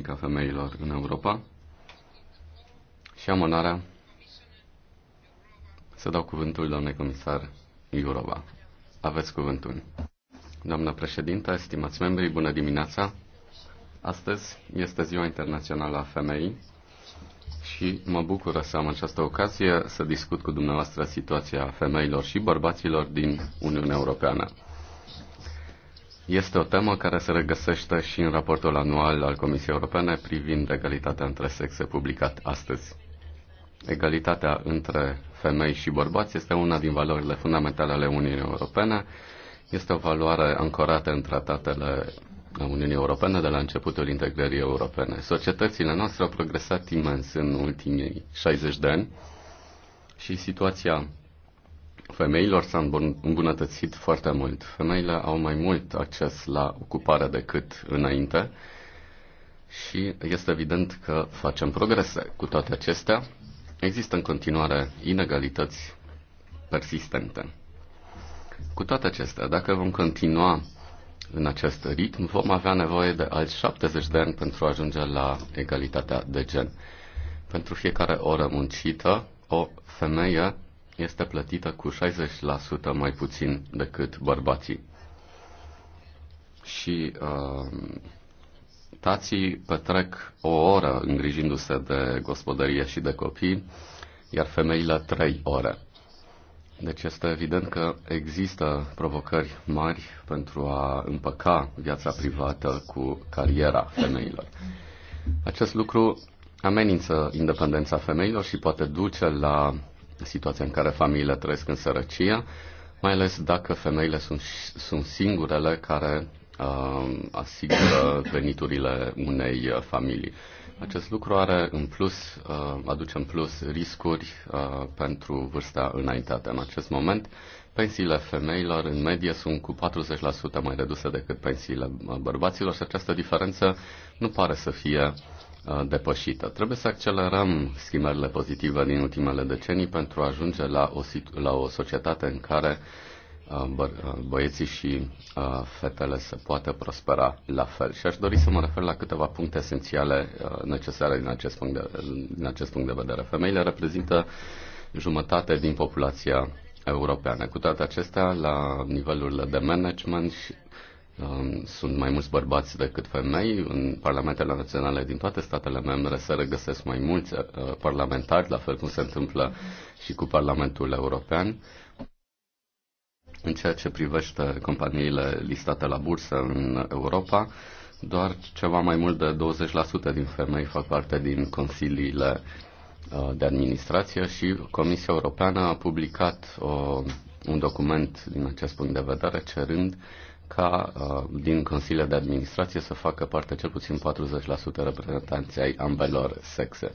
politică a femeilor în Europa și am onoarea să dau cuvântul doamnei comisar Iurova. Aveți cuvântul. Doamna președintă, estimați membri, bună dimineața! Astăzi este Ziua Internațională a Femeii și mă bucură să am această ocazie să discut cu dumneavoastră situația femeilor și bărbaților din Uniunea Europeană. Este o temă care se regăsește și în raportul anual al Comisiei Europene privind egalitatea între sexe publicat astăzi. Egalitatea între femei și bărbați este una din valorile fundamentale ale Uniunii Europene. Este o valoare ancorată în tratatele Uniunii Europene de la începutul integrării europene. Societățile noastre au progresat imens în ultimii 60 de ani și situația femeilor s-a îmbunătățit foarte mult. Femeile au mai mult acces la ocupare decât înainte și este evident că facem progrese. Cu toate acestea, există în continuare inegalități persistente. Cu toate acestea, dacă vom continua în acest ritm, vom avea nevoie de alți 70 de ani pentru a ajunge la egalitatea de gen. Pentru fiecare oră muncită, o femeie este plătită cu 60% mai puțin decât bărbații. Și uh, tații petrec o oră îngrijindu-se de gospodărie și de copii, iar femeile trei ore. Deci este evident că există provocări mari pentru a împăca viața privată cu cariera femeilor. Acest lucru amenință independența femeilor și poate duce la situația în care familiile trăiesc în sărăcie, mai ales dacă femeile sunt, sunt singurele care uh, asigură veniturile unei uh, familii. Acest lucru are în plus, uh, aduce în plus riscuri uh, pentru vârsta înaintată. În acest moment, pensiile femeilor în medie sunt cu 40% mai reduse decât pensiile uh, bărbaților și această diferență nu pare să fie depășită. Trebuie să accelerăm schimbările pozitive din ultimele decenii pentru a ajunge la o, la o societate în care bă, băieții și fetele se poată prospera la fel. Și aș dori să mă refer la câteva puncte esențiale necesare din acest punct de, din acest punct de vedere. Femeile reprezintă jumătate din populația europeană. Cu toate acestea, la nivelurile de management și Um, sunt mai mulți bărbați decât femei. În parlamentele naționale din toate statele membre se regăsesc mai mulți uh, parlamentari, la fel cum se întâmplă și cu Parlamentul European. În ceea ce privește companiile listate la bursă în Europa, doar ceva mai mult de 20% din femei fac parte din consiliile uh, de administrație și Comisia Europeană a publicat o, uh, un document din acest punct de vedere cerând uh, ca uh, din Consiliul de Administrație să facă parte cel puțin 40% reprezentanții ai ambelor sexe.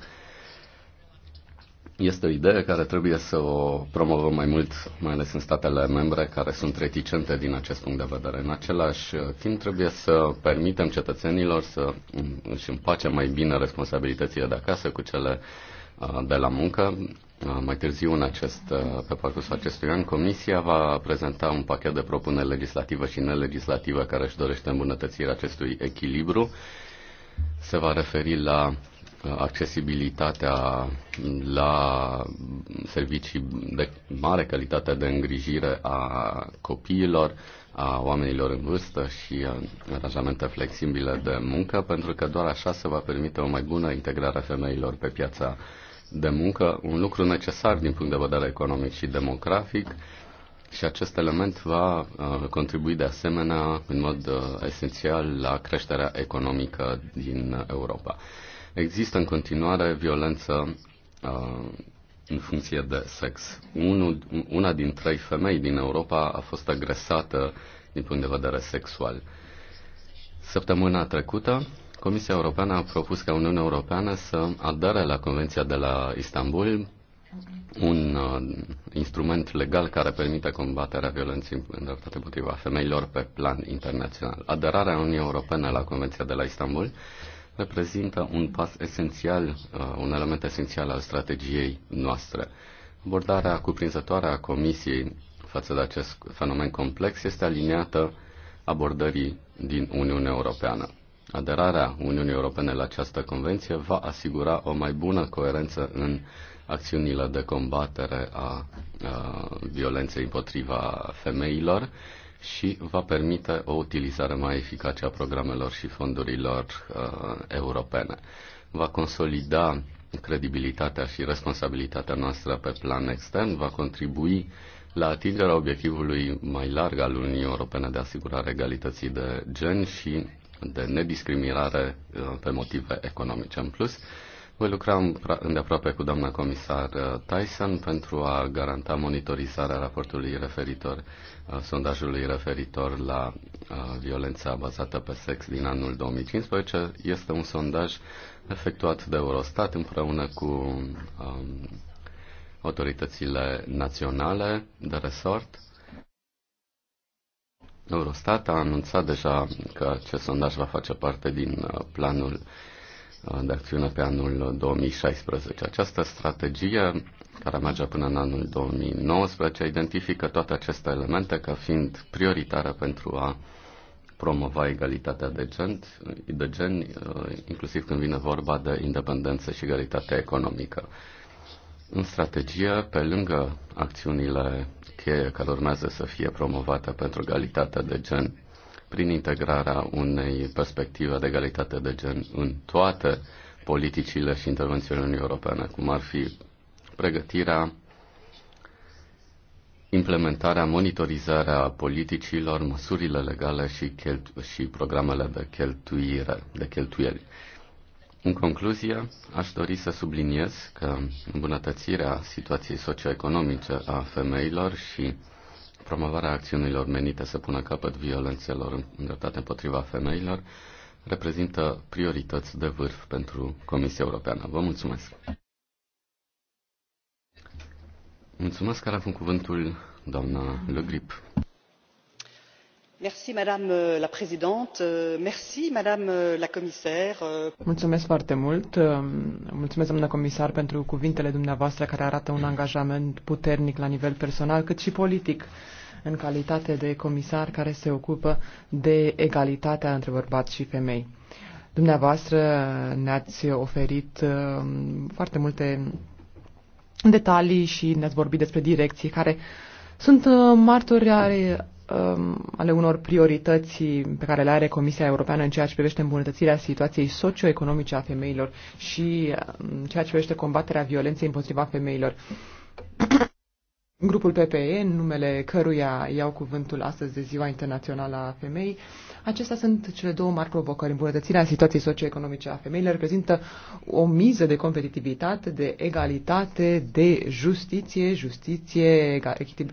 Este o idee care trebuie să o promovăm mai mult, mai ales în statele membre care sunt reticente din acest punct de vedere. În același uh, timp, trebuie să permitem cetățenilor să își împace mai bine responsabilitățile de acasă cu cele uh, de la muncă. Uh, mai târziu în acest, uh, pe parcursul acestui an, Comisia va prezenta un pachet de propuneri legislative și nelegislativă care își dorește îmbunătățirea acestui echilibru. Se va referi la uh, accesibilitatea la servicii de mare calitate de îngrijire a copiilor, a oamenilor în vârstă și aranjamente flexibile de muncă, pentru că doar așa se va permite o mai bună integrare a femeilor pe piața de muncă, un lucru necesar din punct de vedere economic și demografic și acest element va uh, contribui de asemenea în mod uh, esențial la creșterea economică din Europa. Există în continuare violență uh, în funcție de sex. una din trei femei din Europa a fost agresată din punct de vedere sexual. Săptămâna trecută Comisia Europeană a propus ca Uniunea Europeană să adere la Convenția de la Istanbul un uh, instrument legal care permite combaterea violenței îndreptate împotriva femeilor pe plan internațional. Aderarea Uniunii Europene la Convenția de la Istanbul reprezintă un pas esențial, uh, un element esențial al strategiei noastre. Abordarea cuprinzătoare a Comisiei față de acest fenomen complex este aliniată abordării din Uniunea Europeană. Aderarea Uniunii Europene la această convenție va asigura o mai bună coerență în acțiunile de combatere a, a violenței împotriva femeilor și va permite o utilizare mai eficace a programelor și fondurilor a, europene. Va consolida credibilitatea și responsabilitatea noastră pe plan extern, va contribui la atingerea obiectivului mai larg al Uniunii Europene de asigurare egalității de gen și de nediscriminare uh, pe motive economice. În plus, voi lucra îndeaproape cu doamna comisar uh, Tyson pentru a garanta monitorizarea raportului referitor, uh, sondajului referitor la violența bazată pe sex din anul 2015. Este un sondaj efectuat de Eurostat împreună cu um, autoritățile naționale de resort Eurostat a anunțat deja că acest sondaj va face parte din uh, planul uh, de acțiune pe anul 2016. Această strategie, care merge până în anul 2019, identifică toate aceste elemente ca fiind prioritare pentru a promova egalitatea de gen, de gen uh, inclusiv când vine vorba de independență și egalitatea economică. În strategie, pe lângă acțiunile cheie care urmează să fie promovată pentru egalitatea de gen prin integrarea unei perspective de egalitate de gen în toate politicile și intervențiile Uniunii Europene, cum ar fi pregătirea, implementarea, monitorizarea politicilor, măsurile legale și, cheltu- și programele de cheltuire, de cheltuieli. În concluzie, aș dori să subliniez că îmbunătățirea situației socioeconomice a femeilor și promovarea acțiunilor menite să pună capăt violențelor îndreptate împotriva femeilor reprezintă priorități de vârf pentru Comisia Europeană. Vă mulțumesc! Mulțumesc, care a cuvântul doamna Le Grip madame euh, la présidente euh, euh, mulțumesc foarte mult um, mulțumesc doamnă comisar pentru cuvintele dumneavoastră care arată un angajament puternic la nivel personal cât și politic în calitate de comisar care se ocupă de egalitatea între bărbați și femei. Dumneavoastră ne-ați oferit um, foarte multe detalii și ne-ați vorbit despre direcții care sunt uh, martori Um, ale unor priorități pe care le are Comisia Europeană în ceea ce privește îmbunătățirea situației socioeconomice a femeilor și în um, ceea ce privește combaterea violenței împotriva femeilor grupul PPE, în numele căruia iau cuvântul astăzi de Ziua Internațională a Femeii. Acestea sunt cele două mari provocări. Îmbunătățirea situației socioeconomice a femeilor reprezintă o miză de competitivitate, de egalitate, de justiție, justiție,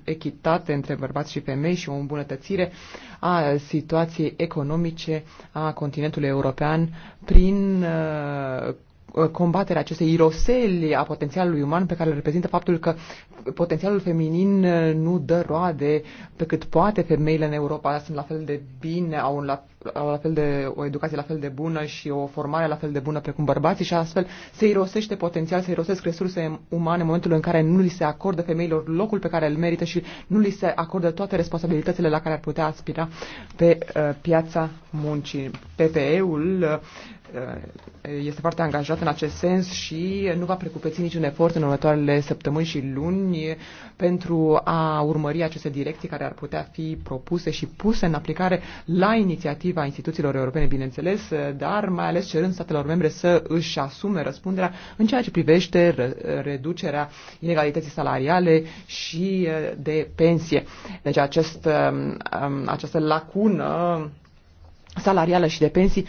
echitate între bărbați și femei și o îmbunătățire a situației economice a continentului european prin uh, Uh, combaterea acestei iroseli a potențialului uman pe care îl reprezintă faptul că potențialul feminin uh, nu dă roade pe cât poate femeile în Europa sunt la fel de bine, au un, la, au la fel de, o educație la fel de bună și o formare la fel de bună precum bărbații și astfel se irosește potențial, se irosesc resurse umane în momentul în care nu li se acordă femeilor locul pe care îl merită și nu li se acordă toate responsabilitățile la care ar putea aspira pe uh, piața muncii. PPE-ul uh, uh, este foarte angajat în acest sens și nu va precupeți niciun efort în următoarele săptămâni și luni pentru a urmări aceste direcții care ar putea fi propuse și puse în aplicare la inițiativă împotriva instituțiilor europene, bineînțeles, eh, dar mai ales cerând statelor membre să își asume răspunderea în ceea ce privește reducerea inegalității salariale și eh, de pensie. Deci acest, eh, această lacună salarială și de pensii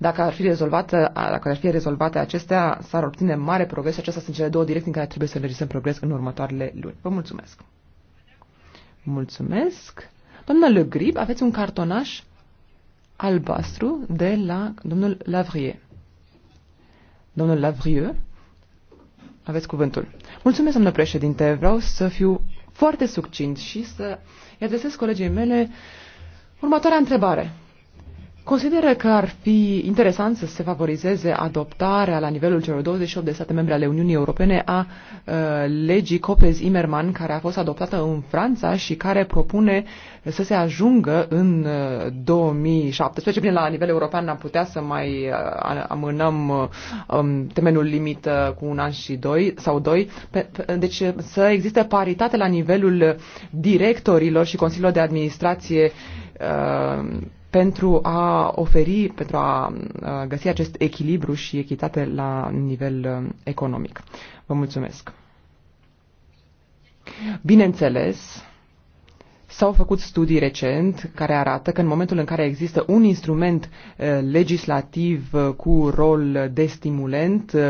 dacă ar fi rezolvată, dacă ar fi rezolvate acestea, s-ar obține mare progres și acestea sunt cele două direcții în care trebuie să înregistrăm progres în următoarele luni. Vă mulțumesc! Mulțumesc! Doamna Le Grib, aveți un cartonaș albastru de la domnul Lavrie. Domnul Lavrie, aveți cuvântul. Mulțumesc, domnule președinte. Vreau să fiu foarte succint și să-i adresez colegii mele următoarea întrebare. Consideră că ar fi interesant să se favorizeze adoptarea la nivelul celor 28 de state membre ale Uniunii Europene a uh, legii Copes imerman care a fost adoptată în Franța și care propune să se ajungă în uh, 2017. Bine, la nivel european am putea să mai uh, amânăm uh, um, limit limită uh, cu un an și doi sau doi. Pe, pe, deci uh, să existe paritate la nivelul directorilor și consiliilor de administrație uh, pentru a oferi, pentru a găsi acest echilibru și echitate la nivel um, economic. Vă mulțumesc! Bineînțeles, S-au făcut studii recent care arată că în momentul în care există un instrument uh, legislativ uh, cu rol de stimulent uh,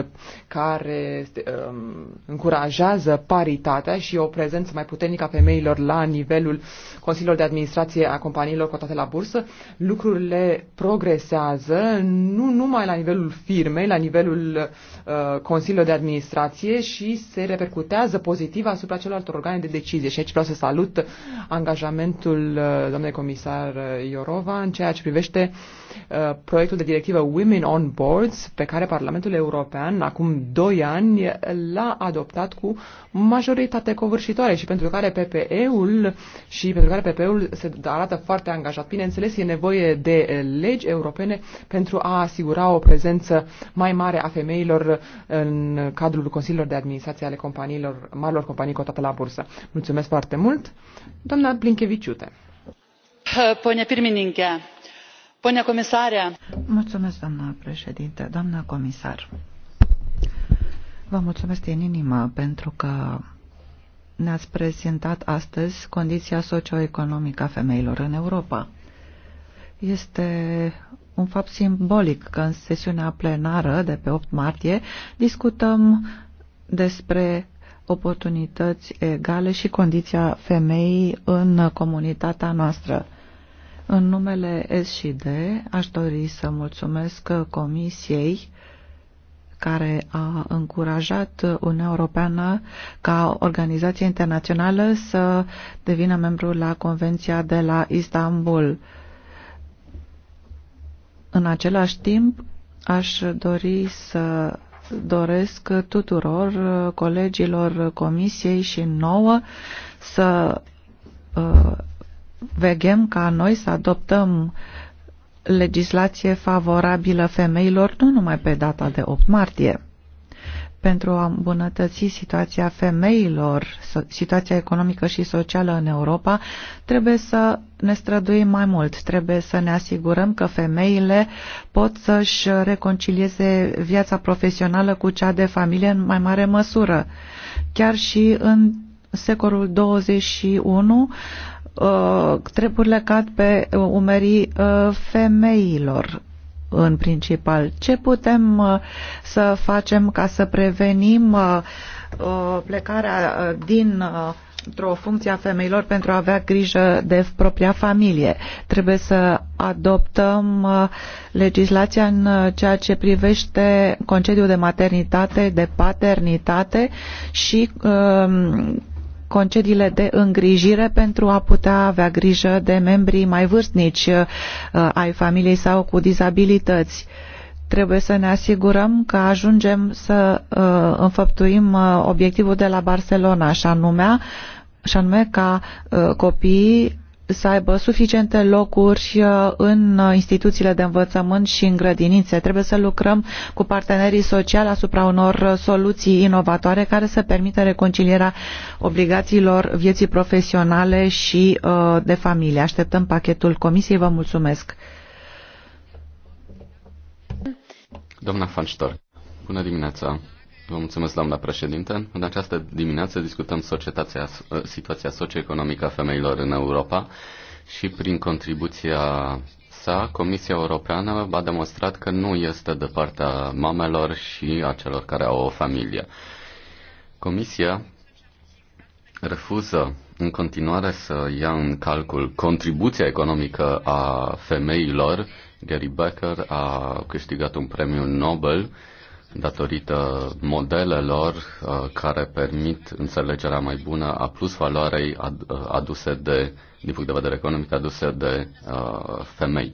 care um, încurajează paritatea și o prezență mai puternică a femeilor la nivelul consiliilor de administrație a companiilor cotate la bursă, lucrurile progresează nu numai la nivelul firmei, la nivelul consiliilor de administrație și se repercutează pozitiv asupra celorlalte organe de decizie. Și aici vreau să salut angajamentul uh, doamnei comisar uh, Iorova în ceea ce privește uh, Uh, proiectul de directivă Women on Boards, pe care Parlamentul European, acum 2 ani, l-a adoptat cu majoritate covârșitoare și pentru care PPE-ul și pentru care PPE-ul se arată foarte angajat. Bineînțeles, e nevoie de legi europene pentru a asigura o prezență mai mare a femeilor în cadrul consiliilor de administrație ale companiilor, marilor companii cotate la bursă. Mulțumesc foarte mult. Doamna Blinkeviciute. Pone păi, pirmininke, doamnă comisare. Mulțumesc, președinte, doamna comisar. Vă mulțumesc din inimă pentru că ne-ați prezentat astăzi condiția socioeconomică a femeilor în Europa. Este un fapt simbolic că în sesiunea plenară de pe 8 martie discutăm despre oportunități egale și condiția femeii în comunitatea noastră. În numele S și D, aș dori să mulțumesc Comisiei care a încurajat Uniunea Europeană ca organizație internațională să devină membru la Convenția de la Istanbul. În același timp, aș dori să doresc tuturor colegilor Comisiei și nouă să uh, vegem ca noi să adoptăm legislație favorabilă femeilor nu numai pe data de 8 martie. Pentru a îmbunătăți situația femeilor, situația economică și socială în Europa, trebuie să ne străduim mai mult. Trebuie să ne asigurăm că femeile pot să-și reconcilieze viața profesională cu cea de familie în mai mare măsură. Chiar și în secolul 21 Uh, treburile cad pe uh, umerii uh, femeilor în principal. Ce putem să facem ca să prevenim plecarea din într-o funcție a femeilor pentru a avea grijă de propria familie. Trebuie să adoptăm legislația în ceea ce privește concediul de maternitate, de paternitate și um, concediile de îngrijire pentru a putea avea grijă de membrii mai vârstnici uh, ai familiei sau cu dizabilități. Trebuie să ne asigurăm că ajungem să uh, înfăptuim uh, obiectivul de la Barcelona, așa numea, și anume ca copiii să aibă suficiente locuri uh, în uh, instituțiile de învățământ și în grădinițe. Trebuie să lucrăm cu partenerii sociali asupra unor uh, soluții inovatoare care să permită reconcilierea obligațiilor vieții profesionale și de familie. Așteptăm pachetul Comisiei. Vă mulțumesc. Doamna Fanștor, bună dimineața. Vă mulțumesc, doamna președinte. În această dimineață discutăm societatea, situația socioeconomică a femeilor în Europa și prin contribuția sa, Comisia Europeană a demonstrat că nu este de partea mamelor și a celor care au o familie. Comisia refuză în continuare să ia în calcul contribuția economică a femeilor. Gary Becker a câștigat un premiu Nobel uh, datorită modelelor uh, care permit înțelegerea mai bună a plus valoarei uh, aduse de, din punct de vedere economic, aduse de uh, femei.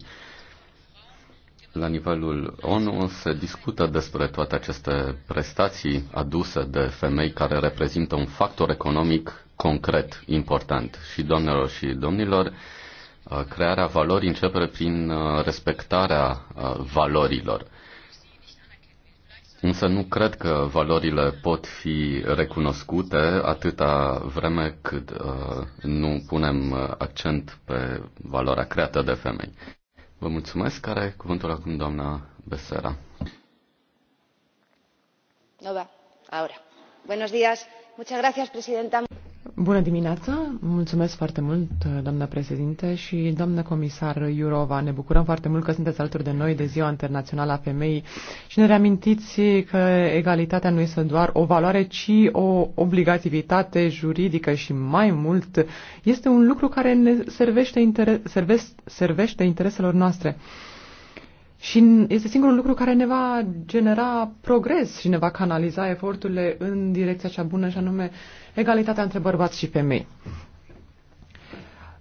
La nivelul ONU se discută despre toate aceste prestații aduse de femei care reprezintă un factor economic concret important. Și doamnelor și domnilor, crearea valorii începe prin respectarea valorilor. Însă nu cred că valorile pot fi recunoscute atâta vreme cât uh, nu punem uh, accent pe valoarea creată de femei. Vă mulțumesc. Care cuvântul acum doamna Besera? Nova. ahora. Buenos días. Muchas gracias, presidenta. Bună dimineața! Mulțumesc foarte mult, doamna președinte și doamna comisar Iurova. Ne bucurăm foarte mult că sunteți alături de noi de Ziua Internațională a Femeii și ne reamintiți că egalitatea nu este doar o valoare, ci o obligativitate juridică și mai mult este un lucru care ne servește, inter- servesc, servește intereselor noastre. Și este singurul lucru care ne va genera progres și ne va canaliza eforturile în direcția cea bună, și anume uh, egalitatea între bărbați și femei.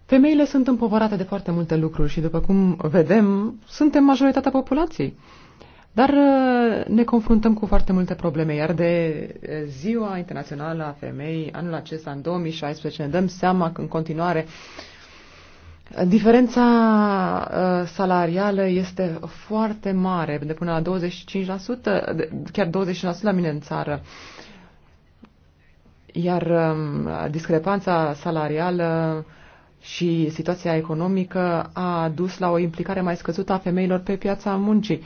Femeile sunt împovărate de foarte multe lucruri și, după cum vedem, suntem majoritatea populației. Dar uh, ne confruntăm cu foarte multe probleme, iar de uh, Ziua Internațională a Femei, anul acesta, în 2016, ne dăm seama că în continuare diferența uh, salarială este foarte mare, de până la 25%, chiar 25% la mine în țară. Iar um, discrepanța salarială și situația economică a dus la o implicare mai scăzută a femeilor pe piața muncii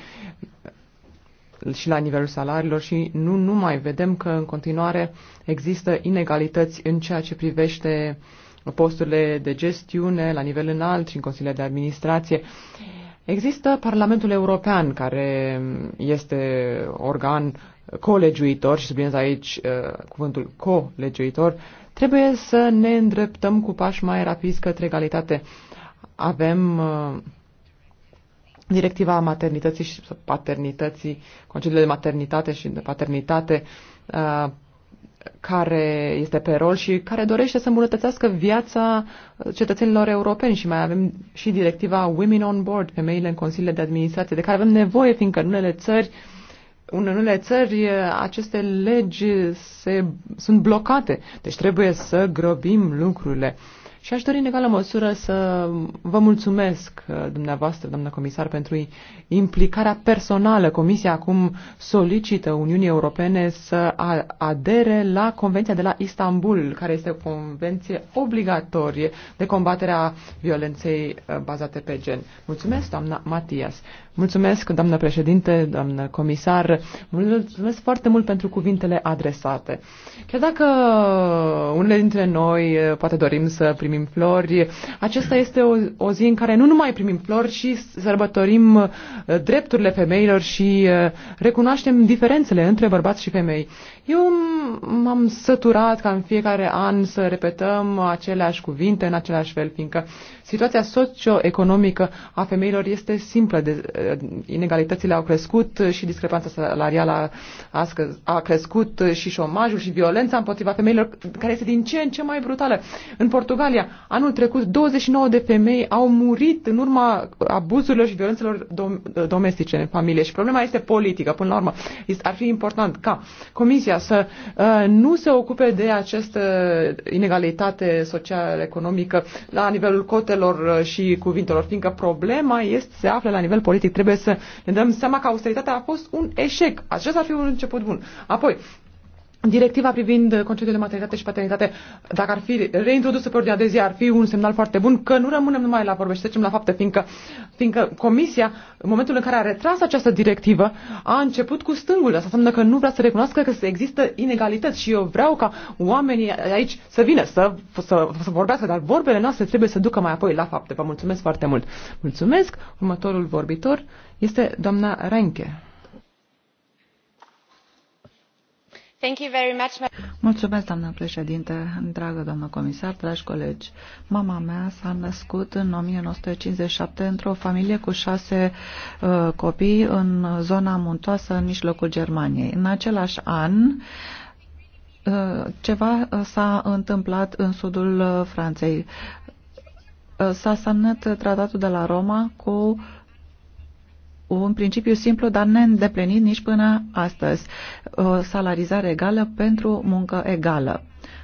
și la nivelul salariilor și nu numai vedem că în continuare există inegalități în ceea ce privește posturile de gestiune la nivel înalt și în consiliile de administrație. Există Parlamentul European, care este organ colegiuitor, și subliniez aici uh, cuvântul colegiuitor, trebuie să ne îndreptăm cu pași mai rapizi către egalitate. Avem uh, directiva maternității și paternității, concediile de maternitate și de paternitate, uh, care este pe rol și care dorește să îmbunătățească viața uh, cetățenilor europeni și mai avem și directiva Women on Board, femeile în consiliile de administrație, de care avem nevoie, fiindcă în unele țări uh, în unele țări aceste legi se, sunt blocate, deci trebuie să grăbim lucrurile. Și aș dori în egală măsură să vă mulțumesc uh, dumneavoastră, doamnă comisar, pentru implicarea personală. Comisia acum solicită Uniunii Europene să adere la Convenția de la Istanbul, care este o convenție obligatorie de combaterea violenței uh, bazate pe gen. Mulțumesc, doamna Matias. Mulțumesc, doamnă președinte, doamnă comisar. Mulțumesc foarte mult pentru cuvintele adresate. Chiar dacă unele dintre noi poate dorim să primim flori, acesta este o, o zi în care nu numai primim flori, ci sărbătorim uh, drepturile femeilor și uh, recunoaștem diferențele între bărbați și femei. Eu m-am săturat ca în fiecare an să repetăm aceleași cuvinte în același fel, fiindcă uh, Situația socioeconomică a femeilor este simplă. De, eh, inegalitățile au crescut și discrepanța salarială a, a crescut și șomajul și violența împotriva femeilor, care este din ce în ce mai brutală. În Portugalia, anul trecut, 29 de femei au murit în urma abuzurilor și violențelor dom- eh, domestice în familie. Și problema este politică, până la urmă. Ar fi important ca Comisia să uh, nu se ocupe de această inegalitate socială economică la nivelul cotelor faptelor uh, și cuvintelor, fiindcă problema este, se află la nivel politic. Trebuie să ne dăm seama că austeritatea a fost un eșec. Acesta ar fi un început bun. Apoi, Directiva privind concediul de maternitate și paternitate, dacă ar fi reintrodusă pe ordinea de zi, ar fi un semnal foarte bun că nu rămânem numai la vorbe și trecem la fapte, fiindcă, fiindcă Comisia, în momentul în care a retras această directivă, a început cu stângul. Asta înseamnă că nu vrea să recunoască că există inegalități și eu vreau ca oamenii aici să vină, să, să, să vorbească, dar vorbele noastre trebuie să ducă mai apoi la fapte. Vă mulțumesc foarte mult. Mulțumesc. Următorul vorbitor este doamna Renche. Mulțumesc, doamnă președinte, dragă doamnă comisar, dragi colegi. Mama mea s-a născut în 1957 într-o familie cu șase uh, copii în zona muntoasă în mijlocul Germaniei. În același an, uh, ceva uh, s-a întâmplat în sudul uh, Franței. Uh, s-a semnat tratatul de la Roma cu uh, un principiu simplu, dar neîndeplinit nici până astăzi. O salarizare egală pentru muncă egală.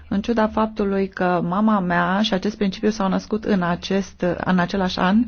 În ciuda faptului că mama mea și acest principiu s-au născut în, acest, în același an,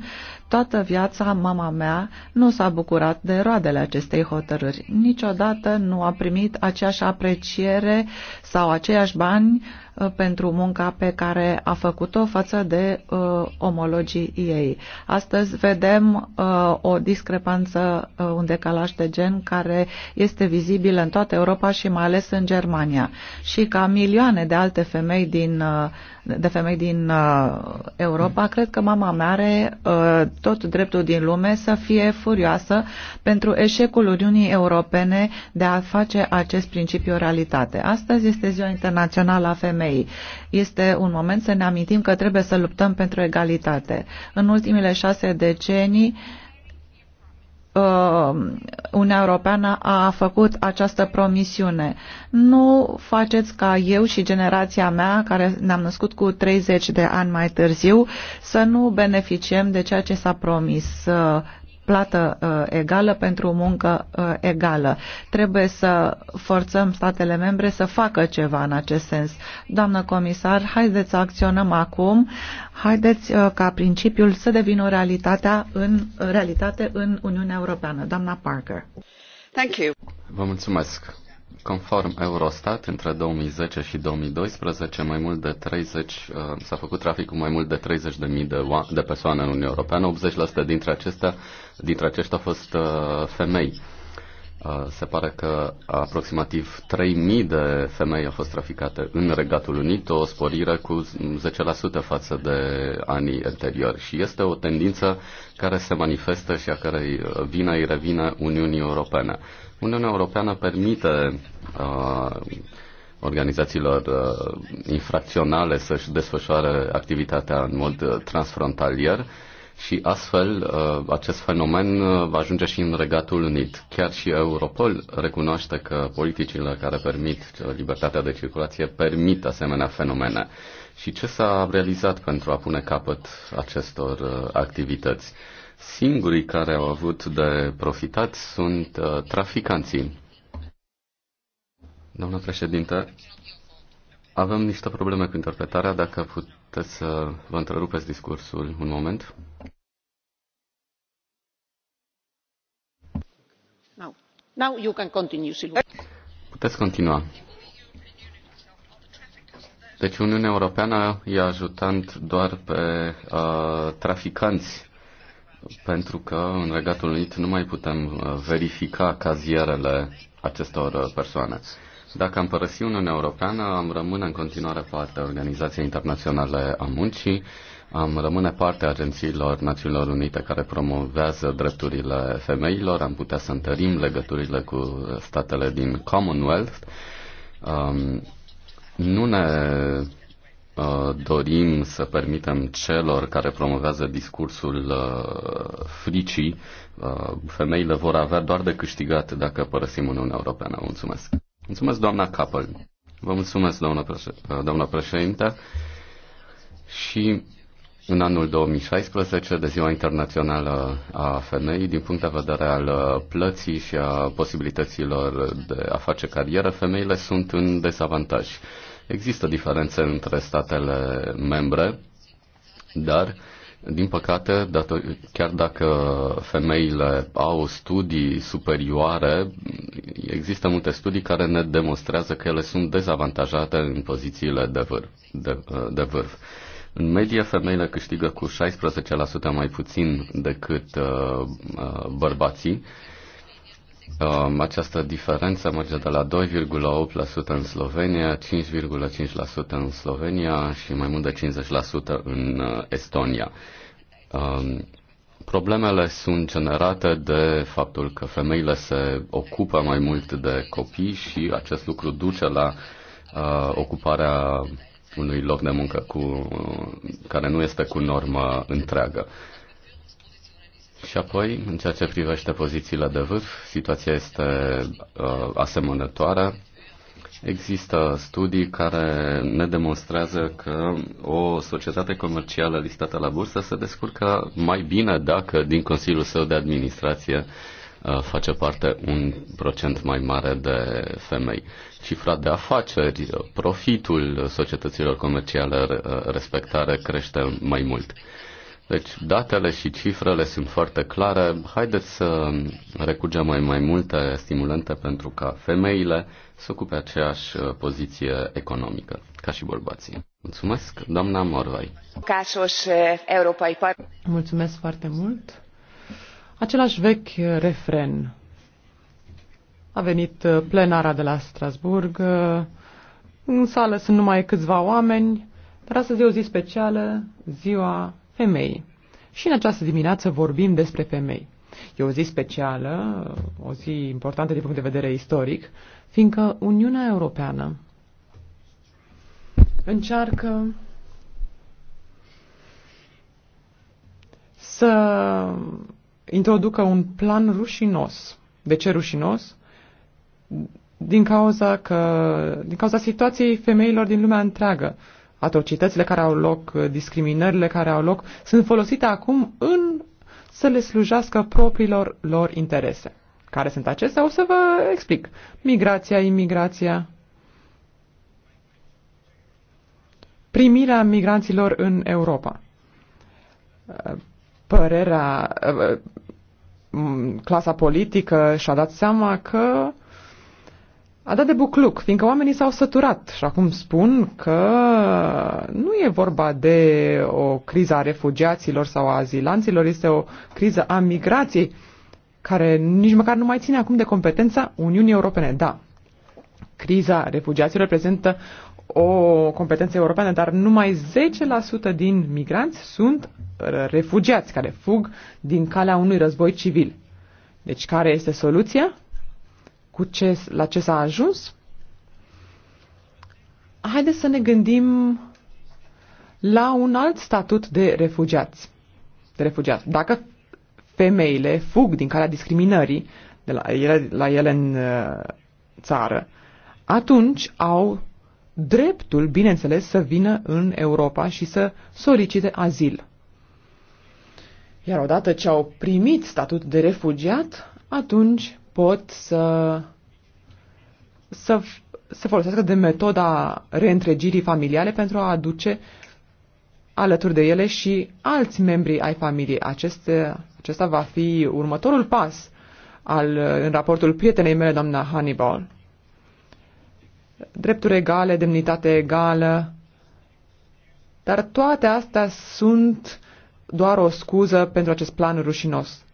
toată viața mama mea nu s-a bucurat de roadele acestei hotărâri. Niciodată nu a primit aceeași apreciere sau aceiași bani Uh, pentru munca pe care a făcut-o față de uh, omologii ei. Astăzi vedem uh, o discrepanță, uh, un decalaj de gen care este vizibil în toată Europa și mai ales în Germania. Și ca milioane de alte femei din, uh, de femei din uh, Europa, cred că mama mea are uh, tot dreptul din lume să fie furioasă pentru eșecul Uniunii Europene de a face acest principiu realitate. Astăzi este Ziua Internațională a femei femei. Este un moment să ne amintim că trebuie să luptăm pentru egalitate. În ultimile șase decenii, uh, Uniunea Europeană a făcut această promisiune. Nu faceți ca eu și generația mea, care ne-am născut cu 30 de ani mai târziu, să nu beneficiem de ceea ce s-a promis plată uh, egală pentru muncă uh, egală. Trebuie să forțăm statele membre să facă ceva în acest sens. Doamnă comisar, haideți să acționăm acum, haideți uh, ca principiul să devină o realitatea în, realitate în Uniunea Europeană. Doamna Parker. Thank you. Vă mulțumesc. Conform Eurostat, între 2010 și 2012, mai mult de 30, uh, s-a făcut trafic cu mai mult de 30.000 de, de persoane în Uniunea Europeană. 80% dintre acestea, dintre aceștia au fost uh, femei. Uh, se pare că aproximativ 3.000 de femei au fost traficate în Regatul Unit, o sporire cu 10% față de anii anteriori. Și este o tendință care se manifestă și a cărei vina îi revine Uniunii Europene. Uniunea Europeană permite uh, organizațiilor uh, infracționale să-și desfășoare activitatea în mod transfrontalier, și astfel uh, acest fenomen uh, ajunge și în Regatul Unit. Chiar și Europol recunoaște că politicile care permit uh, libertatea de circulație permit asemenea fenomene. Și ce s-a realizat pentru a pune capăt acestor activități? Singurii care au avut de profitat sunt traficanții. Domnule președinte, avem niște probleme cu interpretarea. Dacă puteți să vă întrerupeți discursul un moment. Puteți continua. Deci Uniunea Europeană i-a ajutat doar pe uh, traficanți pentru că în Regatul Unit nu mai putem uh, verifica cazierele acestor uh, persoane. Dacă am părăsit Uniunea Europeană, am rămâne în continuare parte a Organizației Internaționale a Muncii am rămâne parte a agențiilor Națiunilor Unite care promovează drepturile femeilor, am putea să întărim legăturile cu statele din Commonwealth. Um, nu ne uh, dorim să permitem celor care promovează discursul uh, fricii, uh, femeile vor avea doar de câștigat dacă părăsim Uniunea Europeană. Mulțumesc. Mulțumesc, doamna Capel. Vă mulțumesc, doamna președinte. Și în anul 2016, de Ziua Internațională a Femeii, din punct de vedere al uh, plății și a posibilităților de a face carieră, femeile sunt în dezavantaj. Există diferențe între statele membre, dar, din păcate, dator- chiar dacă femeile au studii superioare, există multe studii care ne demonstrează că ele sunt dezavantajate în pozițiile de vârf. De, uh, de vârf. În medie, femeile câștigă cu 16% mai puțin decât uh, uh bărbații. Uh, această diferență merge de la 2,8% în Slovenia, 5,5% în Slovenia și mai mult de 50% în uh, Estonia. Uh, problemele sunt generate de faptul că femeile se ocupă mai mult de copii și acest lucru duce la uh, ocuparea unui loc de muncă cu, care nu este cu normă întreagă. Și apoi, în ceea ce privește pozițiile de vârf, situația este uh, asemănătoare. Există studii care ne demonstrează că o societate comercială listată la bursă se descurcă mai bine dacă din Consiliul său de administrație uh, face parte un procent mai mare de femei cifra de afaceri, profitul societăților comerciale, respectare crește mai mult. Deci datele și cifrele sunt foarte clare. Haideți să recurgem mai, mai multe stimulente pentru ca femeile să ocupe aceeași uh, poziție economică ca și bărbații. Mulțumesc, doamna Morvai. Casos uh, Europa Mulțumesc foarte mult. Același vechi refren a venit uh, plenara de la Strasburg. Uh, în sală sunt numai câțiva oameni, dar astăzi e o zi specială, ziua femeii. Și în această dimineață vorbim despre femei. E o zi specială, o zi importantă din punct de vedere istoric, fiindcă Uniunea Europeană încearcă să introducă un plan rușinos. De ce rușinos? din cauza, că, din cauza situației femeilor din lumea întreagă. Atrocitățile care au loc, discriminările care au loc, sunt folosite acum în să le slujească propriilor lor interese. Care sunt acestea? O să vă explic. Migrația, imigrația, primirea migranților în Europa. Părerea, clasa politică și-a dat seama că a dat de bucluc, fiindcă oamenii s-au săturat și acum spun că nu e vorba de o criză a refugiaților sau a azilanților, este o criză a migrației care nici măcar nu mai ține acum de competența Uniunii Europene. Da, criza refugiaților reprezintă o competență europeană, dar numai 10% din migranți sunt refugiați care fug din calea unui război civil. Deci care este soluția? cu ce, la ce s-a ajuns? Haideți să ne gândim la un alt statut de refugiați. De refugiați. Dacă femeile fug din calea discriminării de la ele, la ele în uh, țară, atunci au dreptul, bineînțeles, să vină în Europa și să solicite azil. Iar odată ce au primit statut de refugiat, atunci pot să, să se folosească de metoda reîntregirii familiale pentru a aduce alături de ele și alți membri ai familiei. Aceste, acesta va fi următorul pas al, în raportul prietenei mele, doamna Hannibal. Drepturi egale, demnitate egală, dar toate astea sunt doar o scuză pentru acest plan rușinos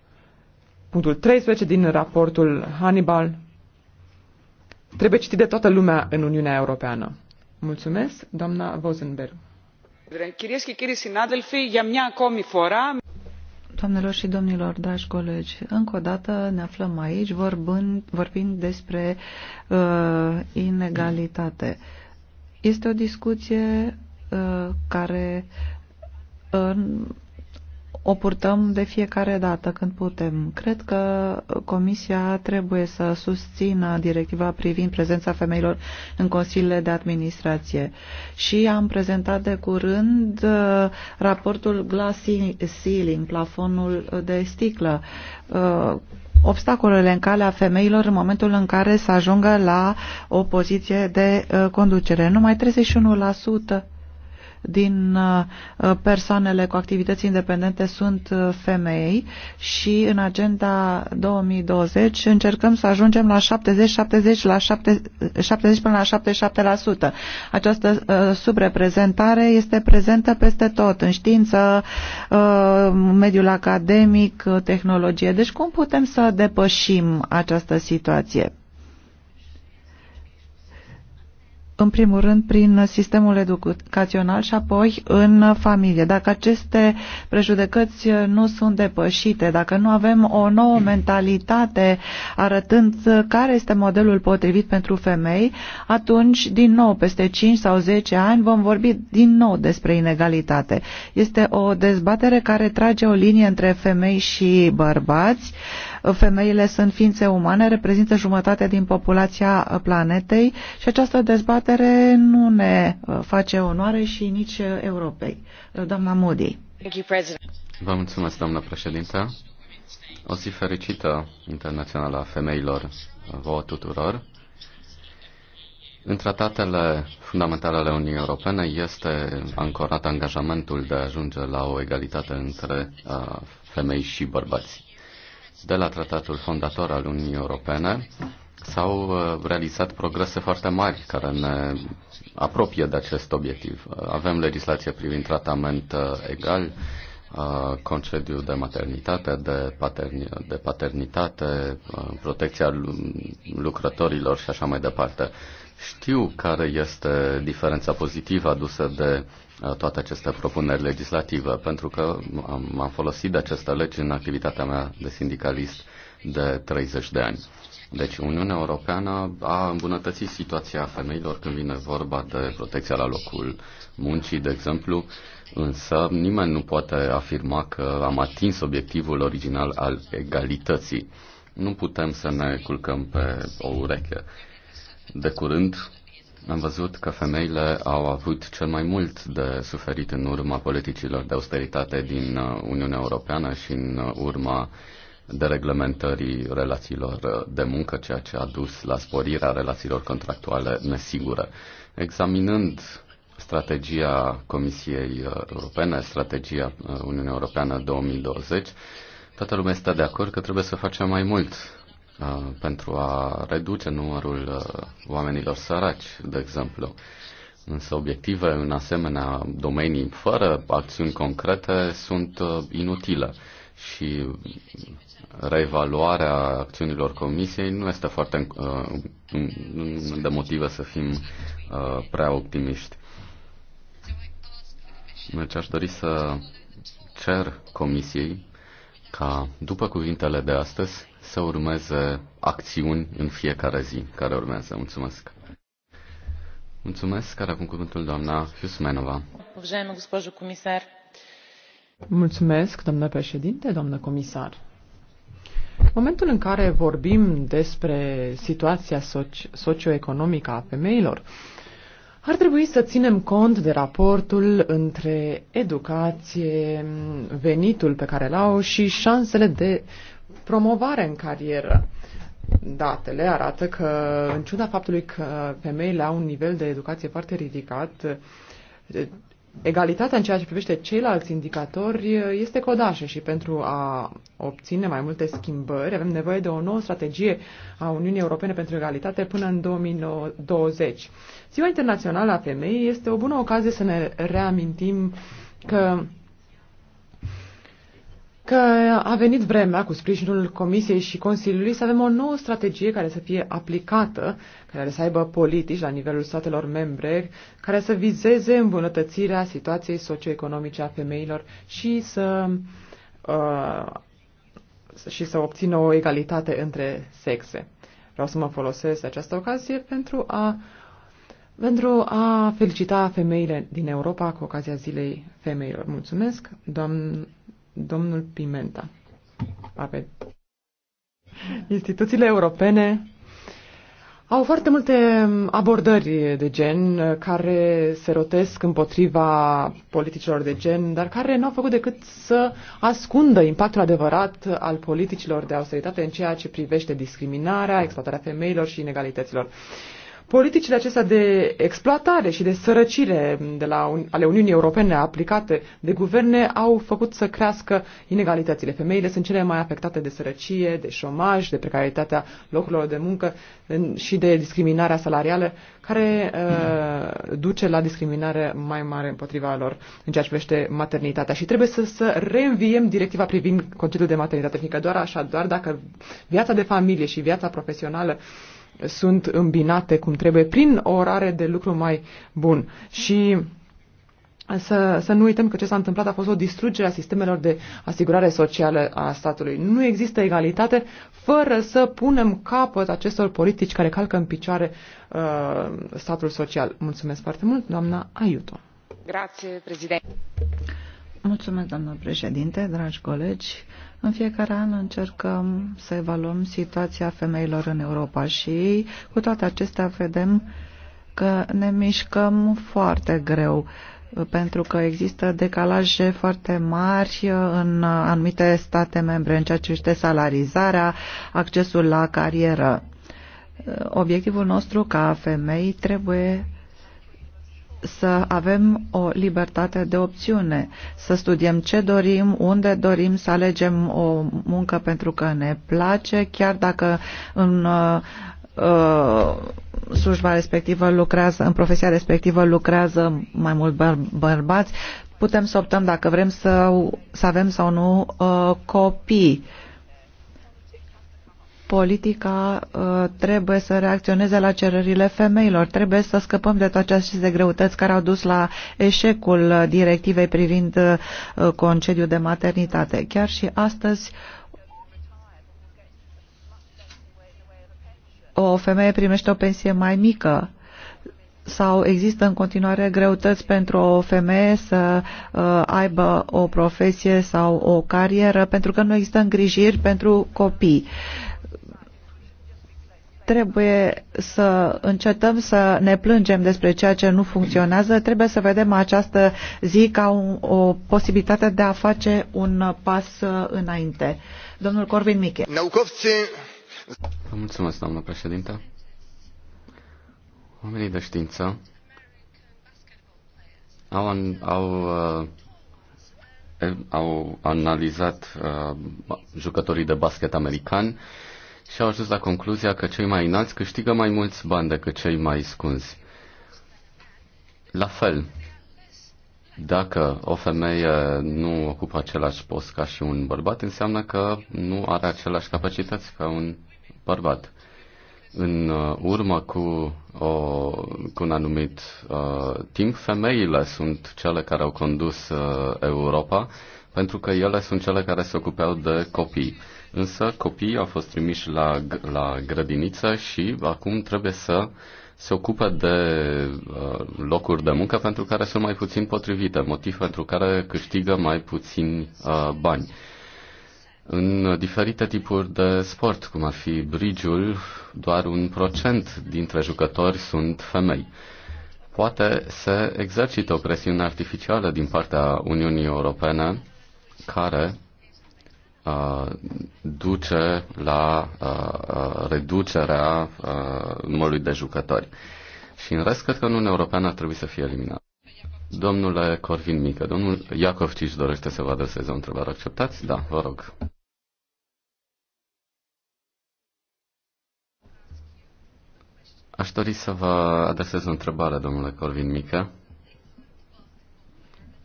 punctul 13 din raportul Hannibal trebuie citit de toată lumea în Uniunea Europeană. Mulțumesc, doamna Vosenberg. Doamnelor și domnilor, dragi colegi, încă o dată ne aflăm aici vorbând, vorbind despre uh, inegalitate. Este o discuție uh, care uh, o purtăm de fiecare dată când putem. Cred că Comisia trebuie să susțină directiva privind prezența femeilor în consiliile de administrație. Și am prezentat de curând uh, raportul Glass Ceiling, plafonul de sticlă, uh, obstacolele în calea femeilor în momentul în care să ajungă la o poziție de uh, conducere. Numai 31% din uh, persoanele cu activități independente sunt uh, femei și în agenda 2020 încercăm să ajungem la 70, 70, la 70 până la 77%. Această uh, subreprezentare este prezentă peste tot, în știință, mediul academic, tehnologie. Deci cum putem să depășim această situație? în primul rând prin sistemul educațional și apoi în familie. Dacă aceste prejudecăți nu sunt depășite, dacă nu avem o nouă mentalitate arătând care este modelul potrivit pentru femei, atunci din nou peste 5 sau 10 ani vom vorbi din nou despre inegalitate. Este o dezbatere care trage o linie între femei și bărbați. Uh, femeile sunt ființe umane, reprezintă jumătate din populația planetei și această dezbatere nu ne uh, face onoare și nici uh, Europei. Uh, doamna Moody. Vă mulțumesc, doamna președintă. O zi fericită internațională a femeilor vouă tuturor. În tratatele fundamentale ale Uniunii Europene este ancorat angajamentul de a ajunge la o egalitate între uh, femei și bărbați de la tratatul fondator al Uniunii Europene, s-au uh, realizat progrese foarte mari care ne apropie de acest obiectiv. Uh, avem legislație privind tratament uh, egal, concediu de maternitate, de, paterni, de paternitate, protecția lucrătorilor și așa mai departe. Știu care este diferența pozitivă adusă de Uh, toată această propunere legislativă, pentru că am, am folosit de această lege în activitatea mea de sindicalist de 30 de ani. Deci Uniunea Europeană a îmbunătățit situația femeilor când vine vorba de protecția la locul muncii, de exemplu, însă nimeni nu poate afirma că am atins obiectivul original al egalității. Nu putem să ne culcăm pe o ureche. De curând, am văzut că femeile au avut cel mai mult de suferit în urma politicilor de austeritate din uh, Uniunea Europeană și în uh, urma dereglementării relațiilor uh, de muncă, ceea ce a dus la sporirea relațiilor contractuale nesigure. Examinând strategia Comisiei Europene, strategia Uniunii Europeană 2020, toată lumea este de acord că trebuie să facem mai mult pentru a reduce numărul oamenilor săraci, de exemplu. Însă obiective în asemenea domenii fără acțiuni concrete sunt inutile și reevaluarea acțiunilor comisiei nu este foarte de motive să fim prea optimiști. Deci aș dori să cer comisiei ca după cuvintele de astăzi să urmeze acțiuni în fiecare zi care urmează. Mulțumesc! Mulțumesc, care acum cuvântul doamna Fiusmenova. Mulțumesc, doamnă președinte, doamnă comisar. Momentul în care vorbim despre situația socioeconomică a femeilor, ar trebui să ținem cont de raportul între educație, venitul pe care l-au și șansele de promovare în carieră. Datele arată că, în ciuda faptului că femeile au un nivel de educație foarte ridicat, egalitatea în ceea ce privește ceilalți indicatori este codașă și pentru a obține mai multe schimbări avem nevoie de o nouă strategie a Uniunii Europene pentru egalitate până în 2020. Ziua Internațională a Femeii este o bună ocazie să ne reamintim că că a venit vremea, cu sprijinul Comisiei și Consiliului, să avem o nouă strategie care să fie aplicată, care să aibă politici la nivelul statelor membre, care să vizeze îmbunătățirea situației socioeconomice a femeilor și să, uh, și să obțină o egalitate între sexe. Vreau să mă folosesc această ocazie pentru a, pentru a felicita femeile din Europa cu ocazia Zilei Femeilor. Mulțumesc, doamnă Domnul Pimenta. Aveți. Instituțiile europene au foarte multe abordări de gen care se rotesc împotriva politicilor de gen, dar care nu au făcut decât să ascundă impactul adevărat al politicilor de austeritate în ceea ce privește discriminarea, exploatarea femeilor și inegalităților. Uh, Politicile acestea de exploatare și de sărăcire de la, ale Uniunii Europene aplicate de guverne au făcut să crească inegalitățile. Femeile sunt cele mai afectate de sărăcie, de șomaj, de precaritatea locurilor de muncă și de discriminarea salarială, care uh, duce la discriminare mai mare împotriva lor în ceea ce privește maternitatea. Și trebuie să, să reînviem directiva privind concediul de maternitate, fiindcă doar așa, doar dacă viața de familie și viața profesională uh, sunt îmbinate cum trebuie prin o orare de lucru mai bun. Și să, să nu uităm că ce s-a întâmplat a fost o distrugere a sistemelor de asigurare socială a statului. Nu există egalitate fără să punem capăt acestor politici care calcă în picioare uh, statul social. Mulțumesc foarte mult, doamna Aiuto. Grazie, președinte. Mulțumesc, doamnă președinte, dragi colegi. În fiecare an încercăm să evaluăm situația femeilor în Europa și cu toate acestea vedem că ne mișcăm foarte greu pentru că există decalaje foarte mari în anumite state membre în ceea ce este salarizarea, accesul la carieră. Obiectivul nostru ca femei trebuie să avem o libertate de opțiune, să studiem ce dorim, unde dorim, să alegem o muncă pentru că ne place, chiar dacă în uh, slujba respectivă lucrează, în profesia respectivă lucrează mai mult băr- bărbați, putem să optăm dacă vrem să, să avem sau nu uh, copii. Uh, politica uh, trebuie să reacționeze la cererile femeilor. Trebuie să scăpăm de toate aceste greutăți care au dus la eșecul directivei privind uh, concediul de maternitate. Chiar și astăzi o femeie primește o pensie mai mică sau există în continuare greutăți pentru o femeie să uh, aibă o profesie sau o carieră pentru că nu există îngrijiri pentru copii. Uh, trebuie să încetăm să ne plângem despre ceea ce nu funcționează, trebuie să vedem această zi ca un, o posibilitate de a face un pas înainte. Domnul Corvin Miche. Vă mulțumesc, doamnă președinte. Oamenii de știință au, au, uh, au analizat uh, jucătorii de basket americani și au ajuns la concluzia că cei mai înalți câștigă mai mulți bani decât cei mai scunzi. La fel, dacă o femeie nu ocupă același post ca și un bărbat, înseamnă că nu are aceleași capacități ca un bărbat. În uh, urmă cu, o, cu un anumit uh, timp, femeile sunt cele care au condus uh, Europa, pentru că ele sunt cele care se ocupeau de copii. Însă copiii au fost trimiși la, la grădiniță și acum trebuie să se ocupe de uh, locuri de muncă pentru care sunt mai puțin potrivite, motiv pentru care câștigă mai puțin uh, bani. În diferite tipuri de sport, cum ar fi bridge doar un procent dintre jucători sunt femei poate se exercită o presiune artificială din partea Uniunii Europene care Uh, duce la uh, reducerea uh, numărului de jucători. Și în rest, cred că Uniunea Europeană ar trebui să fie eliminată. Domnule Corvin Mică, domnul Iacov Ciș dorește să vă adreseze o întrebare. Acceptați? Da, vă rog. Aș dori să vă adresez o întrebare, domnule Corvin Mică.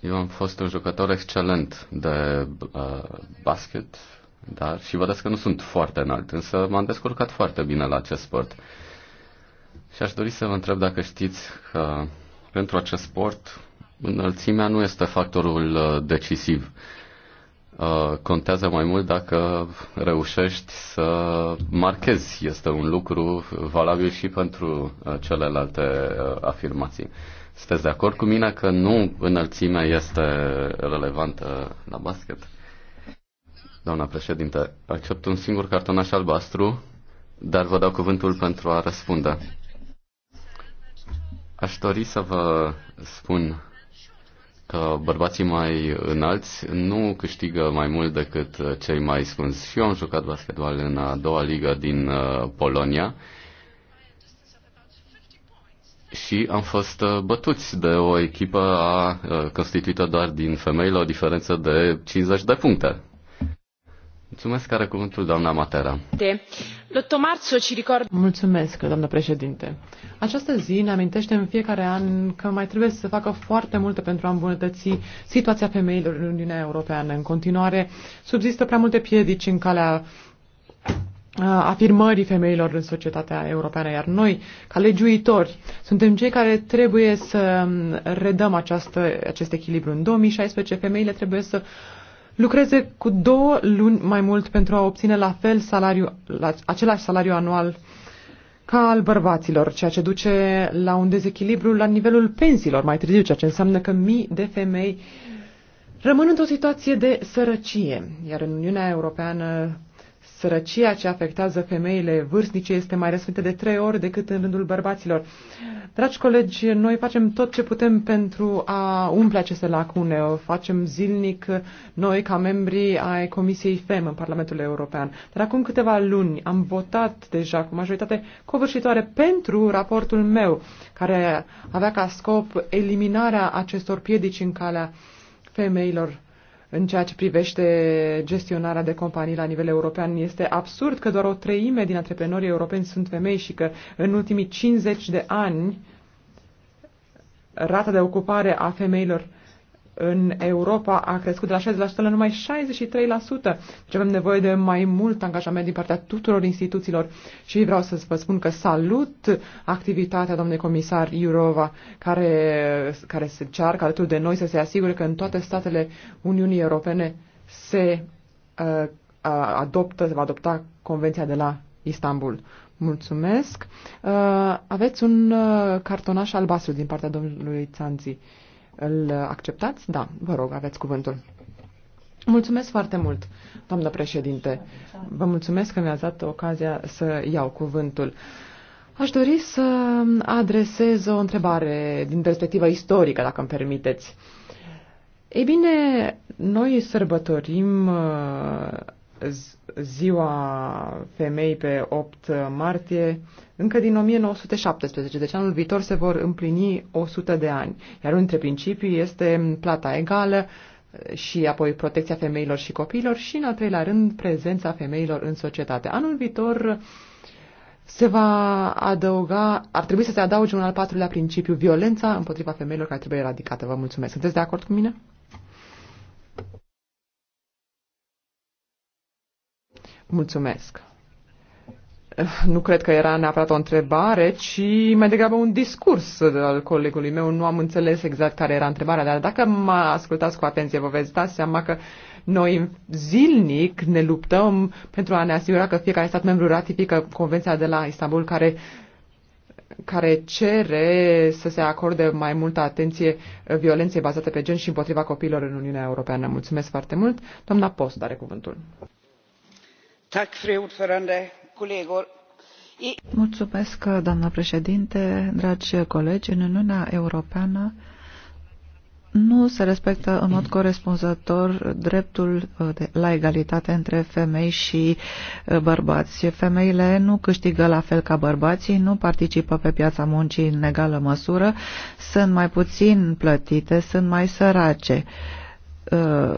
Eu am fost un jucător excelent de uh, basket, dar și vedeți că nu sunt foarte înalt, însă m-am descurcat foarte bine la acest sport. Și aș dori să vă întreb dacă știți că pentru acest sport înălțimea nu este factorul uh, decisiv. Uh, contează mai mult dacă reușești să marchezi. Este un lucru valabil și pentru uh, celelalte afirmații. Sunteți de acord cu mine că nu înălțimea este relevantă la basket? Doamna președinte, accept un singur cartonaș albastru, dar vă dau cuvântul pentru a răspunde. Aș dori să vă spun că bărbații mai înalți nu câștigă mai mult decât cei mai scunzi. Și eu am jucat basketbal în a doua ligă din uh, Polonia și am fost uh, bătuți de o echipă a, uh, constituită doar din femei la o diferență de 50 de puncte. Mulțumesc, care cuvântul doamna Matera. De. Mulțumesc, doamnă președinte. Această zi ne amintește în fiecare an că mai trebuie să se facă foarte multe pentru a îmbunătăți situația femeilor în Uniunea Europeană. În continuare, subzistă prea multe piedici în calea Uh, afirmării femeilor în societatea europeană, iar noi, ca legiuitori, suntem cei care trebuie să um, redăm această, acest echilibru. În 2016, femeile trebuie să lucreze cu două luni mai mult pentru a obține la fel salariu, la același salariu anual ca al bărbaților, ceea ce duce la un dezechilibru la nivelul pensiilor mai târziu, ceea ce înseamnă că mii de femei rămân într-o situație de sărăcie, iar în Uniunea Europeană Sărăcia ce afectează femeile vârstnice este mai răspândită de trei ori decât în rândul bărbaților. Dragi colegi, noi facem tot ce putem pentru a umple aceste lacune. O facem zilnic noi ca membri ai Comisiei FEM în Parlamentul European. Dar acum câteva luni am votat deja cu majoritate covârșitoare pentru raportul meu, care avea ca scop eliminarea acestor piedici în calea femeilor în ceea ce privește gestionarea de companii la nivel european. Este absurd că doar o treime din antreprenorii europeni sunt femei și că în ultimii 50 de ani rata de ocupare a femeilor în Europa a crescut de la 60% la numai 63%. Deci avem nevoie de mai mult angajament din partea tuturor instituțiilor și vreau să vă spun că salut activitatea doamnei comisar Iurova care, care se cearcă alături de noi să se asigure că în toate statele Uniunii Europene se uh, adoptă, se va adopta Convenția de la Istanbul. Mulțumesc. Uh, aveți un uh, cartonaș albastru din partea domnului Țanții. Uh, îl acceptați? Da, vă rog, aveți cuvântul. Mulțumesc foarte mult, doamnă președinte. Vă mulțumesc că mi-ați dat ocazia să iau cuvântul. Aș dori să adresez o întrebare din perspectiva istorică, dacă îmi permiteți. Ei bine, noi sărbătorim ziua femei pe 8 martie, încă din 1917, deci anul viitor se vor împlini 100 de ani. Iar unul dintre principii este plata egală și apoi protecția femeilor și copiilor și, în al treilea rând, prezența femeilor în societate. Anul viitor se va adăuga, ar trebui să se adauge un al patrulea principiu, violența împotriva femeilor care trebuie eradicată. Vă mulțumesc. Sunteți de acord cu mine? Mulțumesc. Nu cred că era neapărat o întrebare, ci mai degrabă un discurs al colegului meu. Nu am înțeles exact care era întrebarea, dar dacă mă ascultați cu atenție, vă veți da seama că noi zilnic ne luptăm pentru a ne asigura că fiecare stat membru ratifică Convenția de la Istanbul, care care cere să se acorde mai multă atenție violenței bazate pe gen și împotriva copiilor în Uniunea Europeană. Mulțumesc foarte mult. Doamna Post are cuvântul doamnă președinte, dragi colegi. În Uniunea Europeană nu se respectă în mod corespunzător dreptul uh, de, la egalitate între femei și uh, bărbați. Femeile nu câștigă la fel ca bărbații, nu participă pe piața muncii în egală măsură, sunt mai puțin plătite, sunt mai sărace uh,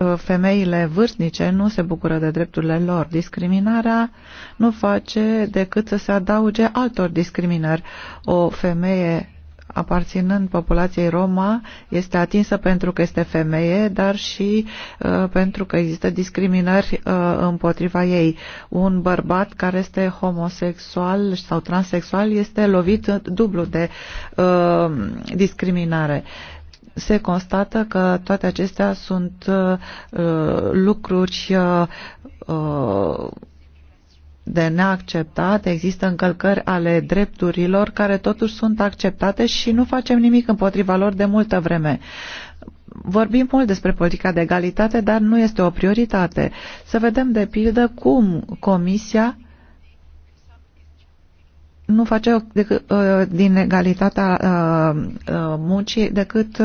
Uh, femeile vârstnice nu se bucură de drepturile lor. Discriminarea nu face decât să se adauge altor discriminări. O femeie aparținând populației Roma este atinsă pentru că este femeie, dar și uh, pentru că există discriminări uh, împotriva ei. Un bărbat care este homosexual sau transexual este lovit dublu de uh, discriminare. Uh, se constată că toate acestea sunt uh, lucruri uh, uh, de neacceptat, există încălcări ale drepturilor care totuși sunt acceptate și nu facem nimic împotriva lor de multă vreme. Vorbim mult despre politica de egalitate, dar nu este o prioritate. Să vedem de pildă cum Comisia uh, nu face decât, uh, din egalitatea uh, uh, muncii decât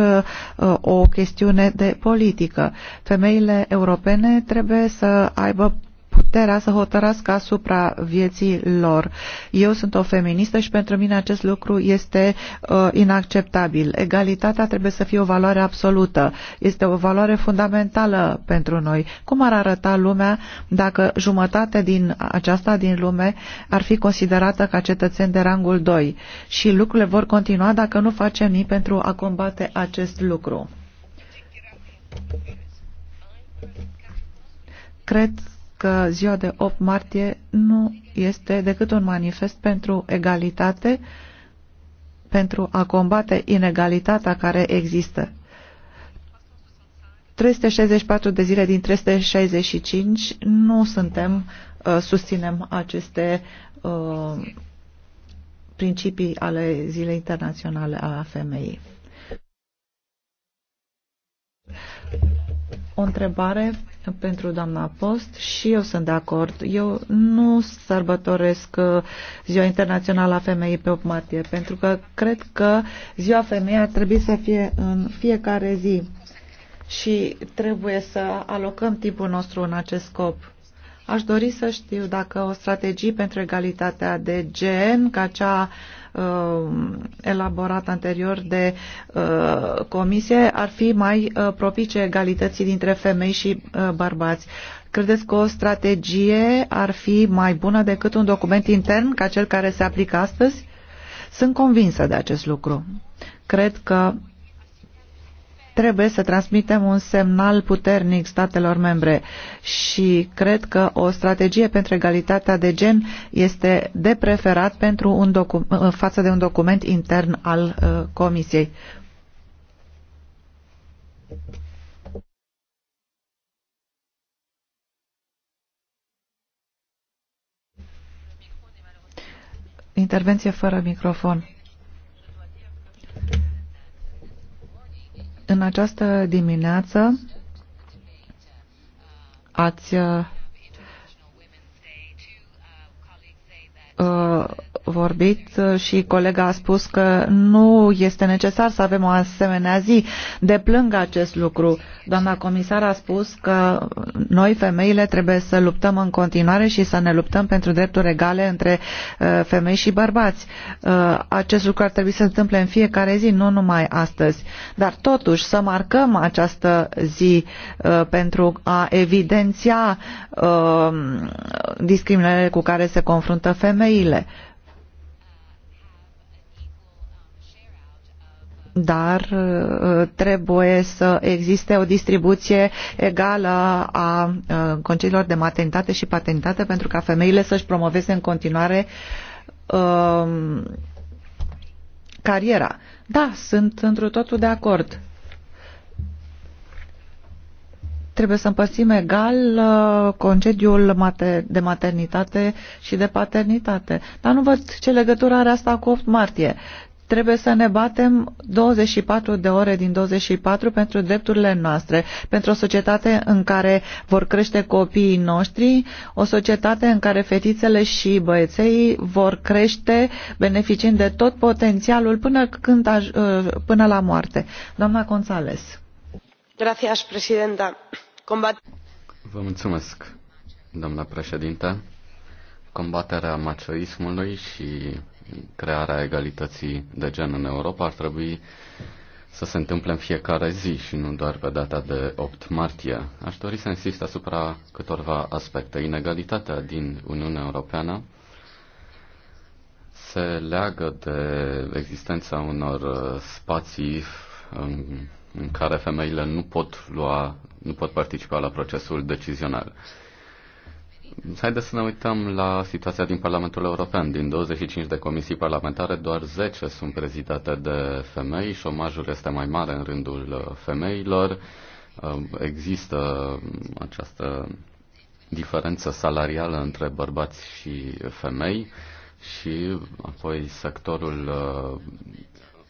o chestiune de politică. Femeile europene trebuie să aibă puterea să hotărască asupra vieții lor. Eu sunt o feministă și pentru mine acest lucru este uh, inacceptabil. Egalitatea trebuie să fie o valoare absolută. Este o valoare fundamentală pentru noi. Cum ar arăta lumea dacă jumătate din aceasta din lume ar fi considerată ca cetățeni de rangul 2? Și lucrurile vor continua dacă nu facem nimic pentru a combate acest lucru. Cred că ziua de 8 martie nu este decât un manifest pentru egalitate, pentru a combate inegalitatea care există. 364 de zile din 365 nu suntem, uh, susținem aceste uh, principii ale Zilei Internaționale a Femeii. O întrebare pentru doamna Post și eu sunt de acord. Eu nu sărbătoresc uh, Ziua Internațională a Femeii pe 8 martie, pentru că cred că Ziua Femeii ar trebui să fie în fiecare zi și trebuie să alocăm timpul nostru în acest scop. Aș dori să știu dacă o strategie pentru egalitatea de gen, ca cea uh, Uh, elaborat anterior de uh, comisie ar fi mai uh, propice egalității dintre femei și bărbați. Credeți că o strategie ar fi mai bună decât un document intern ca cel care se aplică astăzi? Sunt convinsă de acest lucru. Cred că Trebuie să transmitem un semnal puternic statelor membre și cred că o strategie pentru egalitatea de gen este de preferat pentru un față de un document intern al uh, Comisiei. Intervenție fără microfon. În această dimineață ați uh, vorbit și colega a spus că nu este necesar să avem o asemenea zi. Deplâng acest lucru. Doamna comisar a spus că noi, femeile, trebuie să luptăm în continuare și să ne luptăm pentru drepturi egale între uh, femei și bărbați. Uh, acest lucru ar trebui să se întâmple în fiecare zi, nu numai astăzi. Dar totuși să marcăm această zi uh, pentru a evidenția discriminările cu care se confruntă femeile. dar uh, trebuie să existe o distribuție egală a uh, concediilor de maternitate și paternitate pentru ca femeile să-și promoveze în continuare um, cariera. Da, sunt într totul de acord. Trebuie să împărțim egal uh, concediul de maternitate și de paternitate. Dar nu văd ce legătură are asta cu 8 martie. Trebuie să ne batem 24 de ore din 24 pentru drepturile noastre, pentru o societate în care vor crește copiii noștri, o societate în care fetițele și băieței vor crește beneficiind de tot potențialul până, când, ă, până la moarte. Doamna Gonzales. Gracias, presidenta. Combat... Vă mulțumesc, doamna președintă. Combaterea machoismului și crearea egalității de gen în Europa ar trebui să se întâmple în fiecare zi și nu doar pe data de 8 martie. Aș dori să insist asupra câtorva aspecte. Inegalitatea din Uniunea Europeană se leagă de existența unor uh, spații în care femeile nu pot lua, nu pot participa la procesul decizional. Haideți să ne uităm la situația din Parlamentul European. Din 25 de comisii parlamentare, doar 10 sunt prezidate de femei, șomajul este mai mare în rândul uh, femeilor, uh, există această diferență salarială între bărbați și femei și apoi sectorul uh,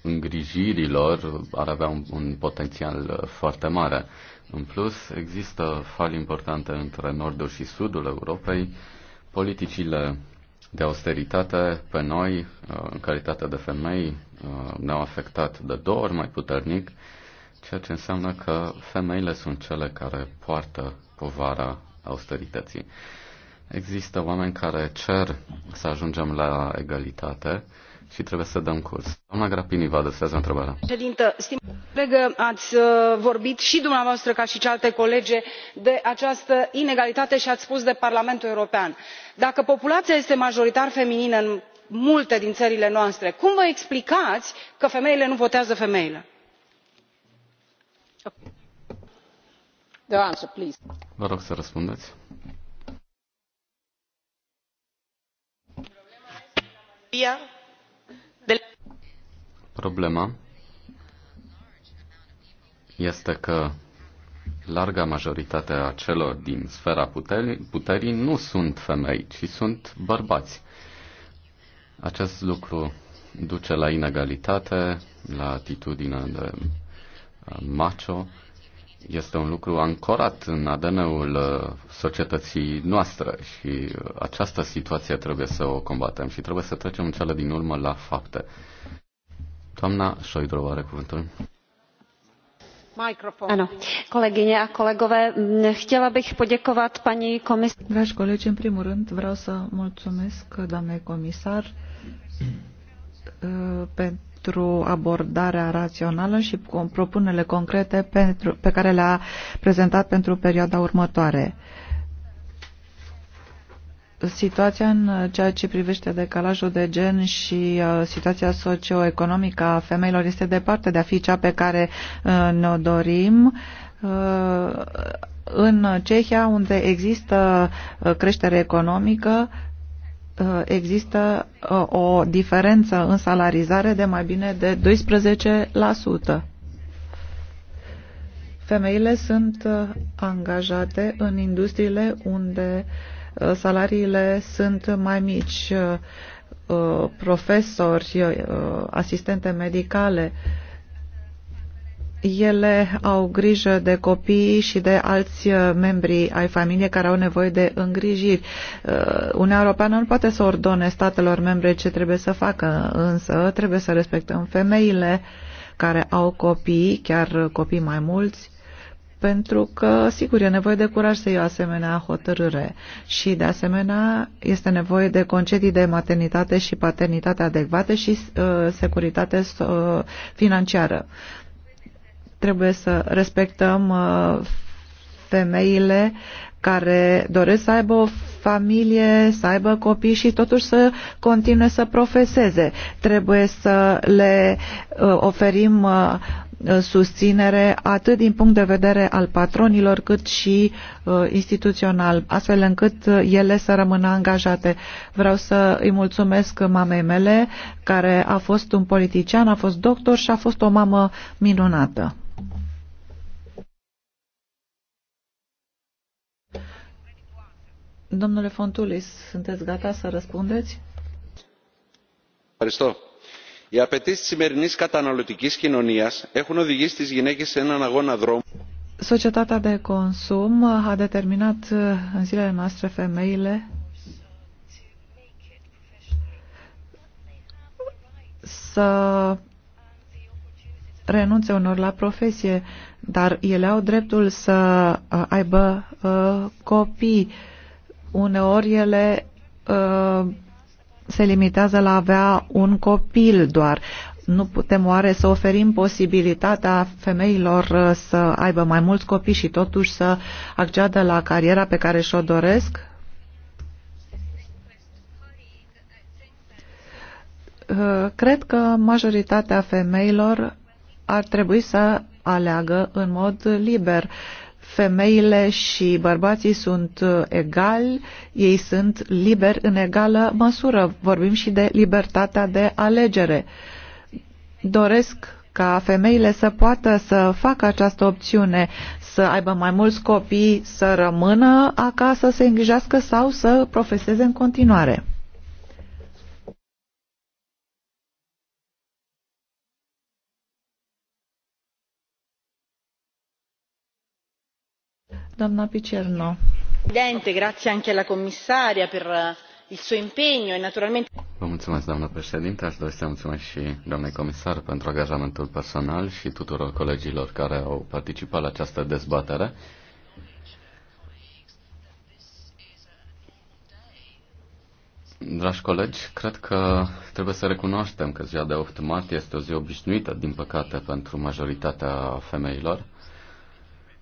îngrijirilor ar avea un, un potențial foarte mare. În plus, există fali importante între nordul și sudul Europei. Politicile de austeritate pe noi, uh, în calitate de femei, uh, ne-au afectat de două ori mai puternic, ceea ce înseamnă că femeile sunt cele care poartă povara austerității. Există oameni care cer să ajungem la egalitate, și trebuie să dăm curs. Doamna Grapini vă adresează întrebarea. Președintă, stimată colegă, ați uh, vorbit și dumneavoastră ca și celelalte colege de această inegalitate și ați spus de Parlamentul European. Dacă populația este majoritar feminină în multe din țările noastre, cum vă explicați că femeile nu votează femeile? The answer, please. Vă rog să răspundeți. Problema este Problema este că larga majoritate a celor din sfera puterii, puterii nu sunt femei, ci sunt bărbați. Acest lucru duce la inegalitate, la atitudine de uh, macho. Este un lucru ancorat în ADN-ul uh, societății noastre și uh, această situație trebuie să o combatem și trebuie să trecem în cele din urmă la fapte. Doamna šojdrová are cuvântul. Ano. Kolegyně a kolegové, chtěla bych poděkovat paní komisař. Dragi colegi, în primul rând vreau să mulțumesc doamnei comisar uh, pentru abordarea rațională și propunerile concrete pentru, pe care le-a prezentat pentru perioada următoare. Uh, situația în uh, ceea ce privește decalajul de gen și uh, situația socioeconomică a femeilor este departe de a fi cea pe care uh, ne-o dorim. În Cehia, unde există creștere economică, există o diferență în salarizare de mai bine de 12%. Femeile sunt angajate în industriile unde uh, salariile sunt mai mici, uh, profesori, uh, asistente medicale, ele au grijă de copii și de alți uh, membri ai familiei care au nevoie de îngrijiri. Uniunea Europeană nu poate să ordone statelor membre ce trebuie să facă, însă trebuie să respectăm femeile care au copii, chiar copii mai mulți, pentru că, sigur, e nevoie de curaj să iei o asemenea hotărâre și, de asemenea, este nevoie de concedii de maternitate și paternitate adecvate și uh, securitate uh, financiară. Trebuie să respectăm uh, femeile care doresc să aibă o familie, să aibă copii și totuși să continue să profeseze. Trebuie să le uh, oferim uh, Uh, susținere atât din punct de vedere al patronilor cât și uh, instituțional, astfel încât uh, ele să rămână angajate. Vreau să îi mulțumesc mamei mele, care a fost un politician, a fost doctor și a fost o mamă minunată. Domnule Fontulis, sunteți gata să răspundeți? Aristo οι απαιτήσει τη σημερινή καταναλωτική κοινωνία έχουν οδηγήσει τι γυναίκε σε έναν αγώνα δρόμου. Societatea de consum a determinat uh, în zilele noastre femeile să renunțe unor la profesie, dar ele au dreptul să uh, aibă uh, copii. Uneori ele uh, se limitează la a avea un copil doar. Nu putem oare să oferim posibilitatea femeilor uh, să aibă mai mulți copii și totuși să acceadă la cariera pe care și-o doresc? Uh, cred că majoritatea femeilor ar trebui să aleagă în mod liber. Uh, femeile și bărbații sunt uh, egali, ei sunt liberi în egală măsură. Vorbim și de libertatea de alegere. Doresc ca femeile să poată să facă această opțiune, să aibă mai mulți copii, să rămână acasă, să se îngrijească sau să profeseze în continuare. Doamna Picerno. Presidente, anche commissaria per eh, il suo impegno e naturalmente... Vă mulțumesc, doamnă președinte. Aș dori să mulțumesc și doamnei comisar pentru angajamentul personal și tuturor colegilor care au participat la această dezbatere. Dragi colegi, cred că trebuie să recunoaștem că ziua de 8 martie este o zi obișnuită, din păcate, pentru majoritatea femeilor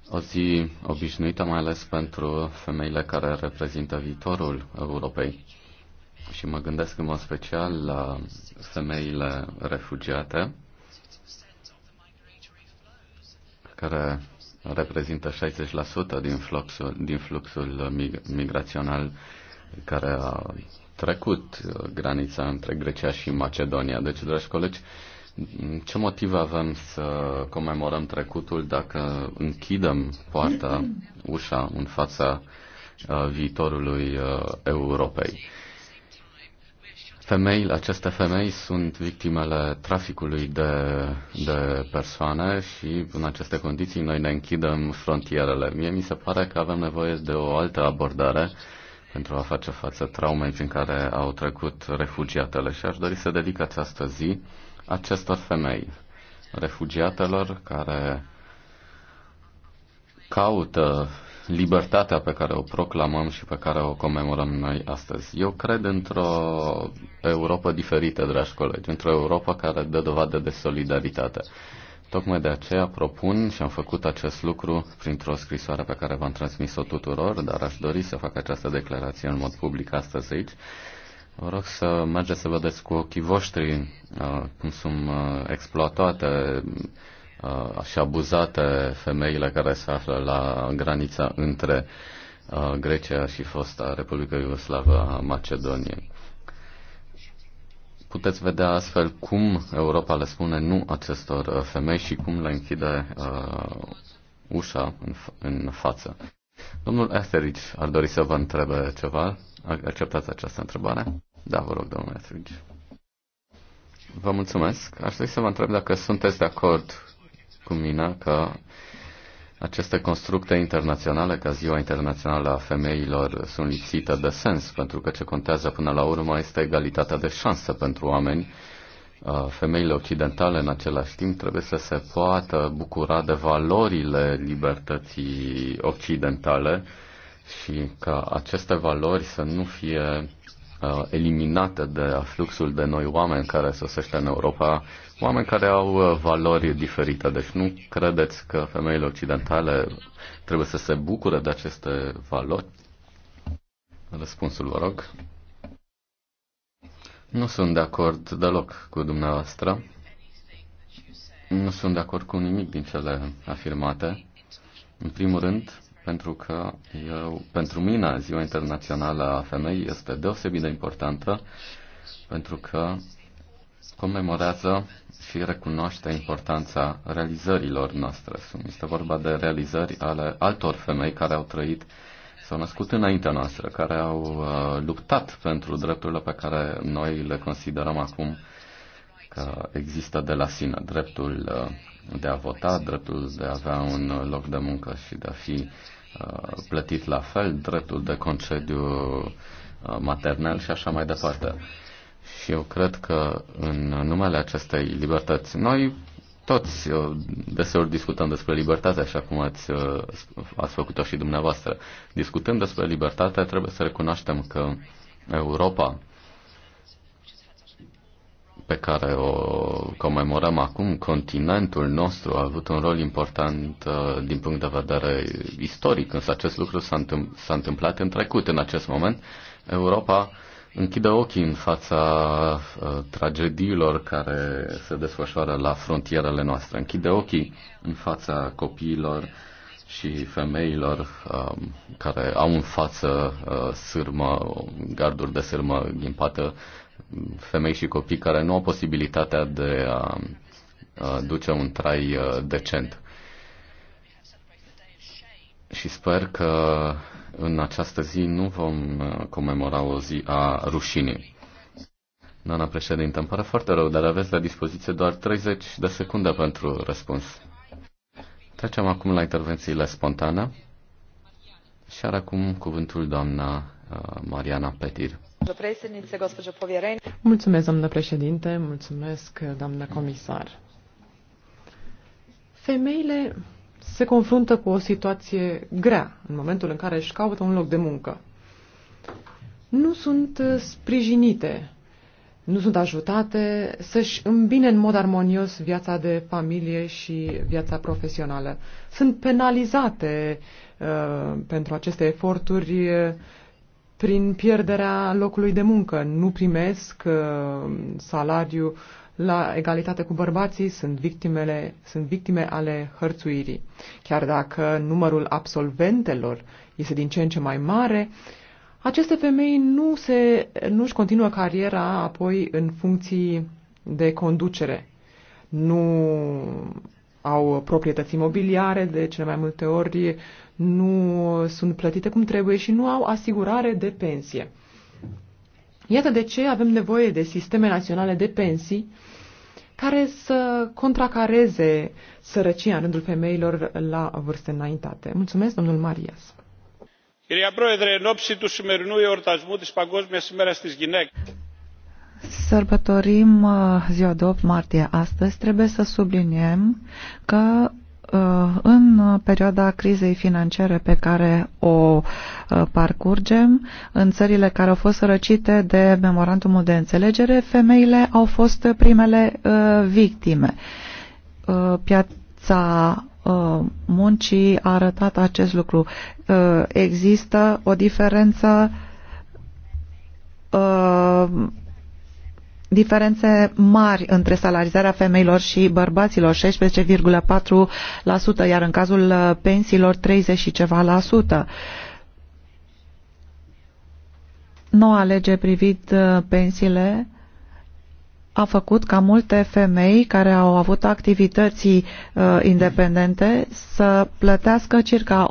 o zi obișnuită, mai ales pentru femeile care reprezintă viitorul Europei. Și mă gândesc în mod special la femeile refugiate, care reprezintă 60% din fluxul, din fluxul migrațional care a trecut granița între Grecia și Macedonia. Deci, dragi colegi, ce motive avem să comemorăm trecutul dacă închidem poarta, ușa în fața uh, viitorului uh, Europei? Femei, aceste femei sunt victimele traficului de, de persoane și în aceste condiții noi ne închidem frontierele. Mie mi se pare că avem nevoie de o altă abordare pentru a face față traumei prin care au trecut refugiatele și aș dori să dedic această zi acestor femei, refugiatelor care caută libertatea pe care o proclamăm și pe care o comemorăm noi astăzi. Eu cred într-o Europa diferită, dragi colegi, într-o Europa care dă dovadă de solidaritate. Tocmai de aceea propun și am făcut acest lucru printr-o scrisoare pe care v-am transmis-o tuturor, dar aș dori să fac această declarație în mod public astăzi aici, Vă rog să mergeți să vedeți cu ochii voștri uh, cum sunt uh, exploatate uh, și abuzate femeile care se află la granița între Grecia și fosta Republica Iugoslavă a Macedoniei. Puteți vedea astfel cum Europa le spune nu acestor femei și cum le închide uh, ușa în, în față. Domnul Etheridge ar dori să vă întrebe ceva. Acceptați această întrebare? Da, vă rog, domnul Etheridge. Vă mulțumesc. Aș dori să vă întreb dacă sunteți de acord cu mine că aceste constructe internaționale, ca Ziua Internațională a Femeilor, sunt lipsite de sens, pentru că ce contează până la urmă este egalitatea de șanse pentru oameni Uh, femeile occidentale în același timp trebuie să se poată bucura de valorile libertății occidentale și ca aceste valori să nu fie uh, eliminate de fluxul de noi oameni care sosește în Europa, oameni care au uh, valori diferite. Deci nu credeți că femeile occidentale trebuie să se bucure de aceste valori? Răspunsul, vă rog. Nu sunt de acord deloc cu dumneavoastră. Nu sunt de acord cu nimic din cele afirmate. În primul rând, pentru că eu, pentru mine Ziua Internațională a Femeii este deosebit de importantă, pentru că comemorează și recunoaște importanța realizărilor noastre. Este vorba de realizări ale altor femei care au trăit s-au născut înaintea noastră, care au uh, luptat pentru drepturile pe care noi le considerăm acum că există de la sine dreptul uh, de a vota, dreptul de a avea un loc de muncă și de a fi uh, plătit la fel, dreptul de concediu maternel și așa mai departe. Și eu cred că în numele acestei libertăți noi toți uh, deseori discutăm despre libertate, așa cum ați, uh, ați făcut-o și dumneavoastră. Discutăm despre libertate, trebuie să recunoaștem că Europa pe care o comemorăm acum, continentul nostru a avut un rol important uh, din punct de vedere istoric, însă acest lucru s-a, întâmplat în trecut. În acest moment, Europa închide ochii în fața uh, tragediilor care se desfășoară la frontierele noastre, închide ochii în fața copiilor și femeilor um, care au în față uh, sârmă, garduri de sârmă ghimpată, femei și copii care nu au posibilitatea de a uh, duce un trai uh, decent. Și sper că în această zi nu vom uh, comemora o zi a rușinii. Doamna președinte, îmi pare foarte rău, dar aveți la dispoziție doar 30 de secunde pentru răspuns. Trecem acum la intervențiile spontane și are acum cuvântul doamna uh, Mariana Petir. Mulțumesc, doamnă președinte, mulțumesc, doamnă comisar. Femeile se confruntă cu o situație grea în momentul în care își caută un loc de muncă. Nu sunt uh, sprijinite, nu sunt ajutate să-și îmbine în mod armonios viața de familie și viața profesională. Sunt penalizate uh, pentru aceste eforturi uh, prin pierderea locului de muncă. Nu primesc uh, salariu la egalitate cu bărbații sunt, victimele, sunt victime ale hărțuirii. Chiar dacă numărul absolventelor este din ce în ce mai mare, aceste femei nu se, nu-și continuă cariera apoi în funcții de conducere. Nu au proprietăți imobiliare, de cele mai multe ori nu sunt plătite cum trebuie și nu au asigurare de pensie. Iată de ce avem nevoie de sisteme naționale de pensii care să contracareze sărăcia în rândul femeilor la vârste înaintate. Mulțumesc, domnul Marias. Sărbătorim uh, ziua 8 martie astăzi. Trebuie să subliniem că Uh, în perioada crizei financiare pe care o uh, parcurgem, în țările care au fost răcite de memorandumul de înțelegere, femeile au fost primele uh, victime. Piața muncii a arătat acest lucru. Există o diferență diferențe mari între salarizarea femeilor și bărbaților, 16,4%, iar în cazul uh, pensiilor 30 și ceva la sută. Noua lege privind uh, pensiile a făcut ca multe femei care au avut activități uh, independente să plătească circa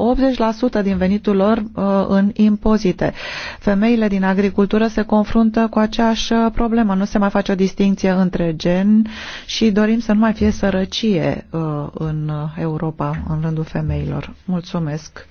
80% din venitul lor uh, în impozite. Femeile din agricultură se confruntă cu aceeași uh, problemă. Nu se mai face o distinție între gen și dorim să nu mai fie sărăcie uh, în Europa, în rândul femeilor. Mulțumesc!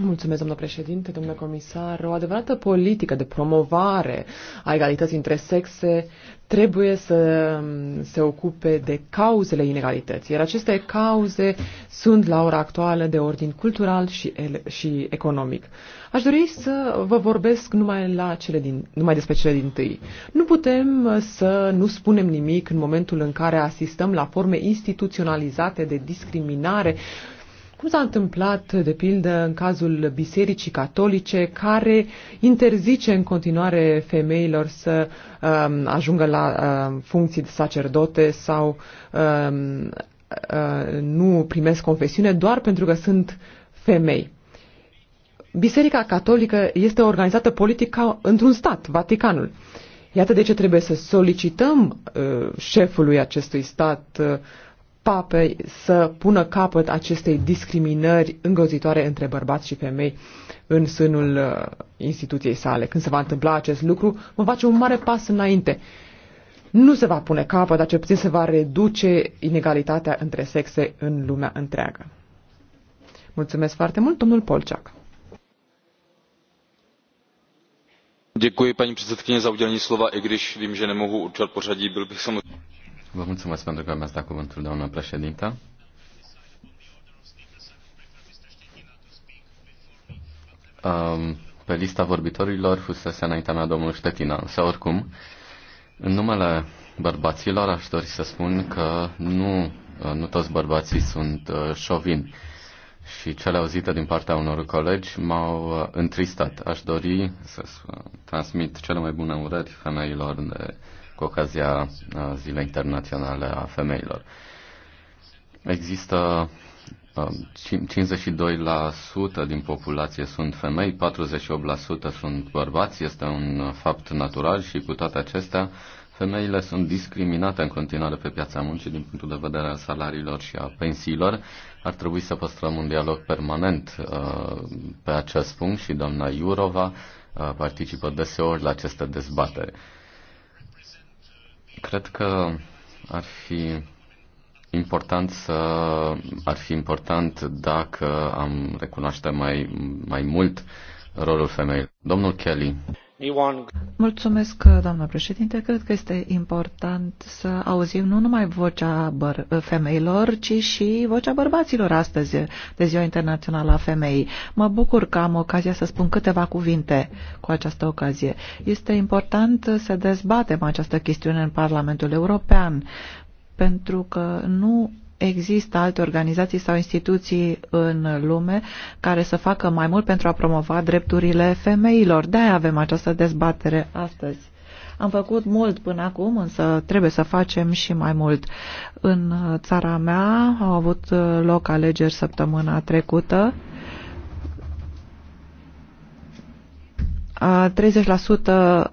Mulțumesc, domnule președinte, domnule comisar. O adevărată politică de promovare a egalității între sexe trebuie să se ocupe de cauzele inegalității, iar aceste cauze sunt la ora actuală de ordin cultural și, și economic. Aș dori să vă vorbesc numai, la cele din, numai despre cele din tâi. Nu putem să nu spunem nimic în momentul în care asistăm la forme instituționalizate de discriminare cum s-a întâmplat, de pildă, în cazul Bisericii Catolice, care interzice în continuare femeilor să um, ajungă la um, funcții de sacerdote sau um, uh, nu primesc confesiune doar pentru că sunt femei? Biserica Catolică este organizată politic ca într-un stat, Vaticanul. Iată de ce trebuie să solicităm uh, șefului acestui stat uh, papei să pună capăt acestei discriminări îngrozitoare între bărbați și femei în sânul uh, instituției sale. Când se va întâmpla acest lucru, mă face un mare pas înainte. Nu se va pune capăt, dar cel puțin se va reduce inegalitatea între sexe în lumea întreagă. Mulțumesc foarte mult, domnul Polceac. Děkuji paní předsedkyně za udělení slova, i když vím, že nemohu určovat pořadí, byl bych samozřejmě. Vă mulțumesc pentru că mi-ați dat cuvântul, doamna președintă. Pe lista vorbitorilor fusese înaintea mea domnul Ștetina, însă oricum, în numele bărbaților aș dori să spun că nu, nu toți bărbații sunt uh, șovini și cele auzite din partea unor colegi m-au uh, întristat. Aș dori să uh, transmit cele mai bune urări femeilor de cu ocazia uh, Zilei Internaționale a Femeilor. Există 52% uh, din populație sunt femei, 48% sunt bărbați, este un fapt natural și cu toate acestea femeile sunt discriminate în continuare pe piața muncii din punctul de vedere al salariilor și a pensiilor. Ar trebui să păstrăm un dialog permanent uh, pe acest punct și doamna Iurova uh, participă deseori la aceste dezbateri. Uh, Cred că ar fi important să ar fi important dacă am recunoaște mai, mai mult rolul femeilor. Domnul Kelly. Mulțumesc, doamnă președinte. Cred că este important să auzim nu numai vocea femeilor, ci și vocea bărbaților astăzi, de Ziua Internațională a Femeii. Mă bucur că am ocazia să spun câteva cuvinte cu această ocazie. Este important să dezbatem această chestiune în Parlamentul European, pentru că nu există alte organizații sau instituții în lume care să facă mai mult pentru a promova drepturile femeilor. De-aia avem această dezbatere astăzi. Am făcut mult până acum, însă trebuie să facem și mai mult. În țara mea au avut loc alegeri săptămâna trecută. 30%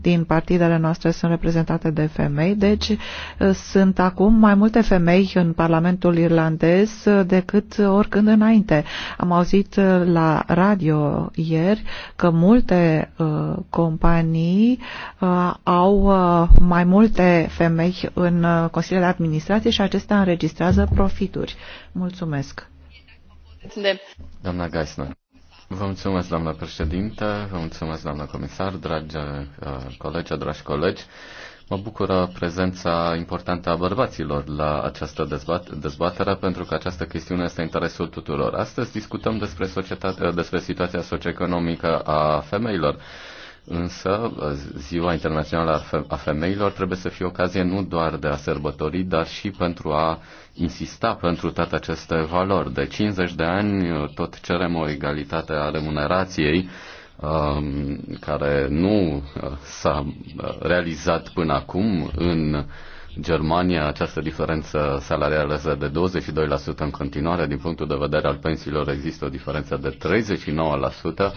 din partidele noastre sunt reprezentate de femei, deci sunt acum mai multe femei în Parlamentul irlandez decât oricând înainte. Am auzit la radio ieri că multe companii au mai multe femei în Consiliul de Administrație și acestea înregistrează profituri. Mulțumesc! Doamna Geisner. Vă mulțumesc, doamna președinte, vă mulțumesc, doamna comisar, dragi uh, colegi, dragi colegi. Mă bucură prezența importantă a bărbaților la această dezbat- dezbatere, pentru că această chestiune este interesul tuturor. Astăzi discutăm despre, societate, uh, despre situația socioeconomică a femeilor. Însă, uh, Ziua Internațională a Femeilor trebuie să fie ocazie nu doar de a sărbători, dar și pentru a uh, insista pentru toate aceste valori. De 50 de ani tot cerem o egalitate a remunerației um, care nu uh, s-a uh, realizat până acum în Germania această diferență salarială este de 22% în continuare, din punctul de vedere al pensiilor există o diferență de 39%,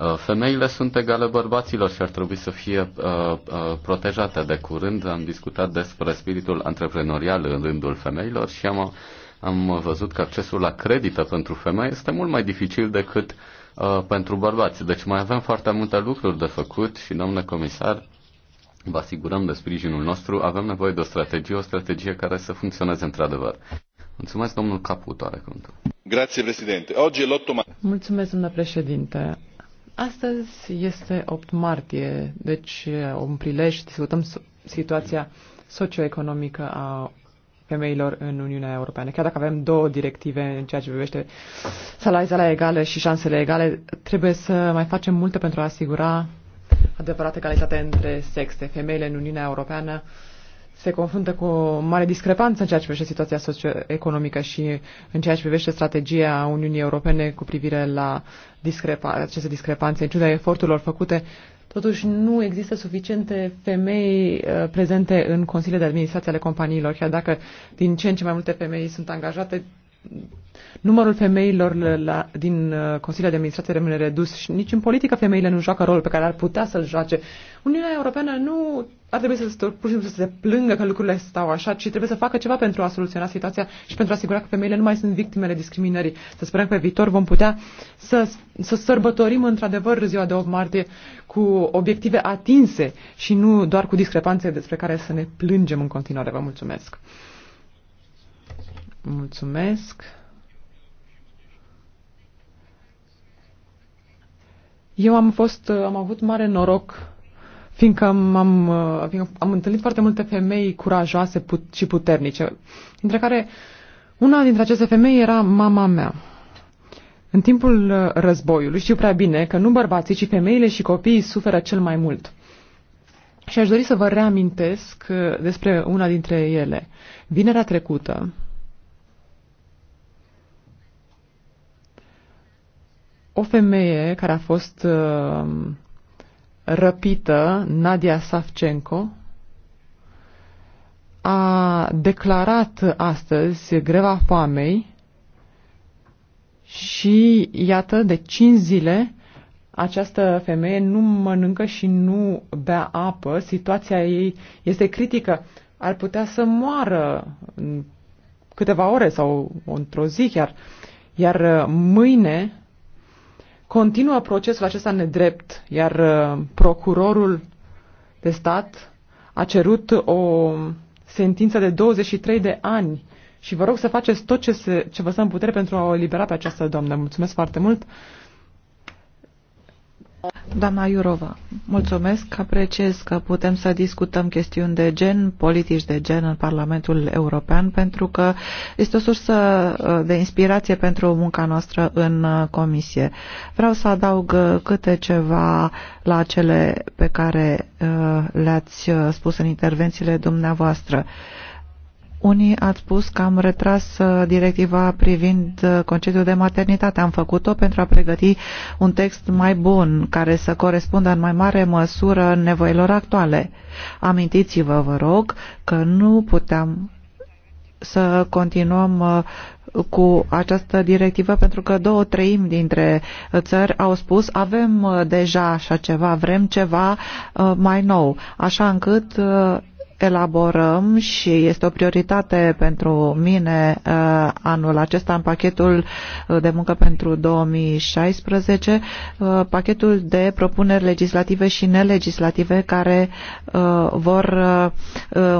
Uh, femeile sunt egale bărbaților și ar trebui să fie uh, uh, protejate. De curând am discutat despre spiritul antreprenorial în rândul femeilor și am, am văzut că accesul la credită pentru femei este mult mai dificil decât uh, pentru bărbați. Deci mai avem foarte multe lucruri de făcut și, domnule comisar, vă asigurăm de sprijinul nostru. Avem nevoie de o strategie, o strategie care să funcționeze într-adevăr. Mulțumesc, domnul Caputoare. are Grazie, președinte. Oggi l'8 Mulțumesc, domnule președinte. Astăzi este 8 martie, deci o prilej, discutăm situația socioeconomică a femeilor în Uniunea Europeană. Chiar dacă avem două directive în ceea ce privește salarizarea egală și șansele egale, trebuie să mai facem multe pentru a asigura adevărată calitate între sexe. Femeile în Uniunea Europeană uh, se confruntă cu o mare discrepanță în ceea ce privește situația socioeconomică și în ceea ce privește strategia Uniunii Europene cu privire la discrepa- aceste discrepanțe. În ciuda eforturilor făcute, totuși nu există suficiente femei uh, prezente în consiliile de administrație ale companiilor, chiar dacă din ce în ce mai multe femei sunt angajate, numărul femeilor la, din uh, Consiliul de Administrație rămâne redus și nici în politică femeile nu joacă rolul pe care ar putea să-l joace. Uniunea Europeană nu ar trebui să, pur și simplu, să se plângă că lucrurile stau așa, ci trebuie să facă ceva pentru a soluționa situația și pentru a asigura că femeile nu mai sunt victimele discriminării. Să sperăm că pe viitor vom putea să, să sărbătorim într-adevăr ziua de 8 martie cu obiective atinse și nu doar cu discrepanțe despre care să ne plângem în continuare. Vă mulțumesc! Mulțumesc. Eu am fost, am avut mare noroc, fiindcă am, am, am întâlnit foarte multe femei curajoase put- și puternice, dintre care una dintre aceste femei era mama mea. În timpul războiului știu prea bine că nu bărbații, ci femeile și copiii suferă cel mai mult. Și aș dori să vă reamintesc uh, despre una dintre ele. Vinerea trecută, O femeie care a fost uh, răpită, Nadia Savchenko, a declarat astăzi greva foamei și iată, de 5 zile această femeie nu mănâncă și nu bea apă. Situația ei este critică. Ar putea să moară în câteva ore sau într-o zi chiar. Iar uh, mâine continuă procesul acesta nedrept, iar uh, procurorul de stat a cerut o sentință de 23 de ani și vă rog să faceți tot ce, se, ce vă stă în putere pentru a o elibera pe această doamnă. Mulțumesc foarte mult! Doamna Iurova, mulțumesc, apreciez că putem să discutăm chestiuni de gen, politici de gen în Parlamentul European, pentru că este o sursă uh, de inspirație pentru munca noastră în uh, comisie. Vreau să adaug uh, câte ceva la cele pe care le-ați spus în intervențiile dumneavoastră. Unii ați spus că am retras uh, directiva privind uh, concediul de maternitate. Am făcut-o pentru a pregăti un text mai bun, care să corespundă în mai mare măsură nevoilor actuale. Amintiți-vă, vă rog, că nu puteam să continuăm uh, cu această directivă pentru că două treimi dintre țări au spus avem deja așa ceva, vrem ceva mai nou, așa încât elaborăm și este o prioritate pentru mine uh, anul acesta în pachetul uh, de muncă pentru 2016, uh, pachetul de propuneri legislative și nelegislative care vor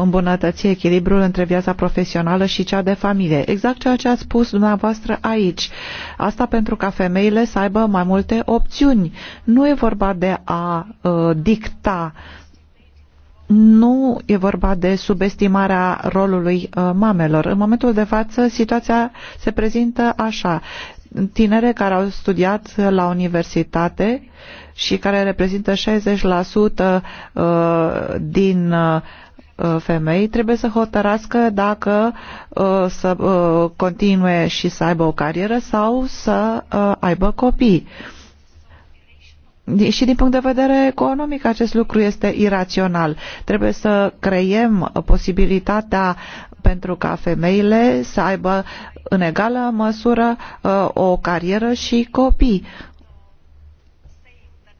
îmbunătăți echilibrul între viața profesională și cea de familie. Exact ceea ce ați spus dumneavoastră aici. Asta pentru ca femeile să aibă mai multe opțiuni. Nu e vorba de a dicta uh, nu e vorba de subestimarea rolului uh, mamelor. În momentul de față, situația se prezintă așa. Tinere care au studiat la universitate și care reprezintă 60% uh, din uh, femei trebuie să hotărască dacă să continue și să aibă o carieră sau să aibă copii și din punct de vedere economic acest lucru este irațional. Trebuie să creiem posibilitatea pentru ca femeile să aibă în egală măsură uh, o carieră și copii.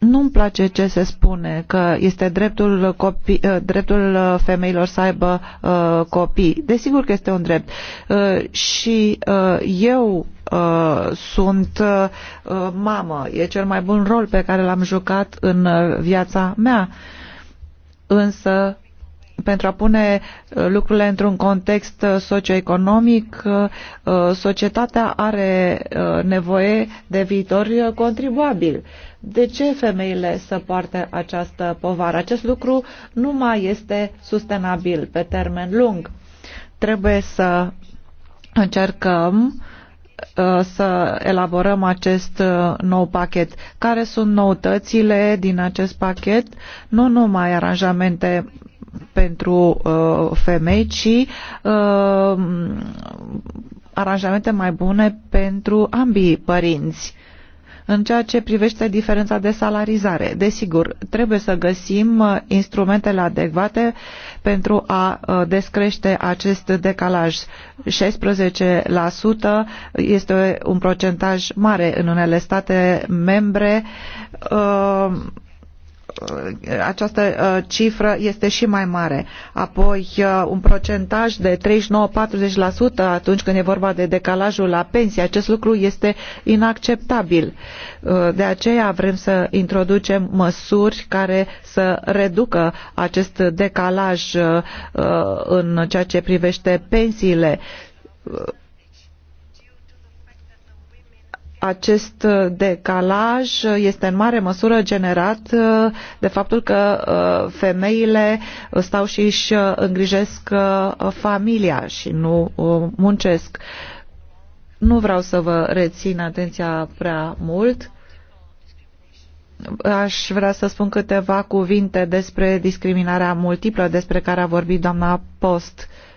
Nu-mi place ce se spune că este dreptul, copii, uh, dreptul uh, femeilor să aibă uh, copii. Desigur că este un drept. Uh, și uh, eu uh, sunt uh, uh, mamă. E cel mai bun rol pe care l-am jucat în uh, viața mea. Însă pentru a pune lucrurile într-un context socioeconomic, societatea are nevoie de viitori contribuabili. De ce femeile să poarte această povară? Acest lucru nu mai este sustenabil pe termen lung. Trebuie să încercăm uh, să elaborăm acest uh, nou pachet. Care sunt noutățile din acest pachet? Nu numai aranjamente pentru uh, femei, ci uh, aranjamente mai bune pentru ambii părinți. Uh, în ceea ce privește diferența de salarizare, desigur, trebuie să găsim uh, instrumentele adecvate pentru a uh, descrește acest decalaj. 16% este un procentaj mare în unele state membre. Uh, Uh, această uh, cifră este și mai mare. Apoi uh, un procentaj de 39-40% atunci când e vorba de decalajul la pensie. Acest lucru este inacceptabil. De aceea vrem să introducem măsuri care să reducă acest decalaj în ceea ce privește pensiile acest decalaj este în mare măsură generat uh, de faptul că uh, femeile stau și își îngrijesc uh, familia și nu muncesc. Nu vreau să vă rețin atenția prea mult. Aș vrea să spun câteva cuvinte despre discriminarea multiplă despre care a vorbit doamna Post. Uh,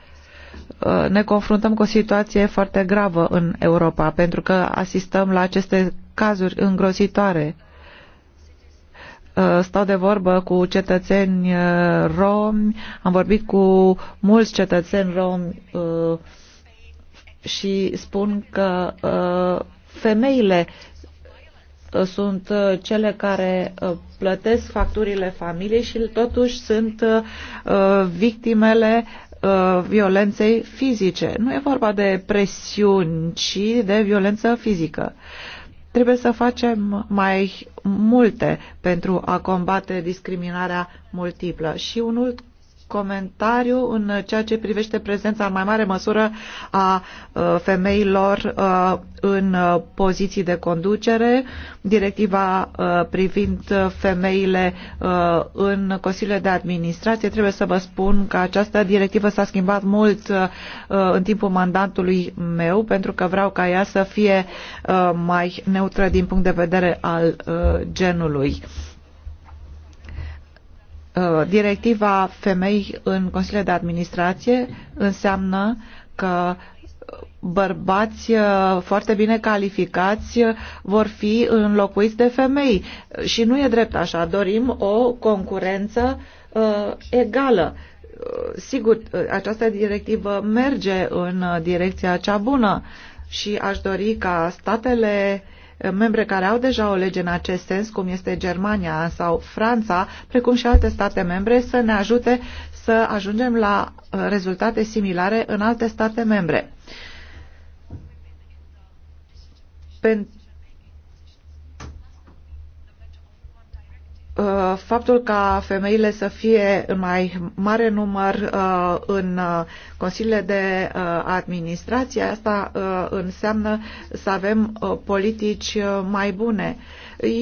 Uh, ne confruntăm cu o situație foarte gravă în Europa, pentru că asistăm la aceste cazuri îngrozitoare. Uh, stau de vorbă cu cetățeni uh, romi, am vorbit cu mulți cetățeni romi și spun că femeile sunt cele care plătesc facturile familiei și totuși sunt victimele Uh, violenței fizice. Nu e vorba de presiuni, ci de violență fizică. Trebuie să facem mai multe pentru a combate discriminarea multiplă. Și un comentariu în ceea ce privește prezența în mai mare măsură a uh, femeilor uh, în uh, poziții de conducere, directiva privind femeile în consiliile de administrație. Trebuie să vă spun că această directivă s-a schimbat mult în timpul mandatului meu, pentru că vreau ca ea să fie mai neutră din punct de vedere al genului. Uh, directiva femei în Consiliile de Administrație înseamnă că bărbați uh, foarte bine calificați uh, vor fi înlocuiți de femei și nu e drept așa. Dorim o concurență egală. Sigur, această directivă merge în direcția cea bună și aș dori ca statele uh, membre care au deja o lege în acest sens, cum este Germania sau Franța, precum și alte state membre, să ne ajute să ajungem la uh, rezultate similare în alte state membre. Pentru Uh, faptul ca femeile să fie în mai mare număr uh, în uh, consiliile de administrație, asta înseamnă să avem politici mai bune.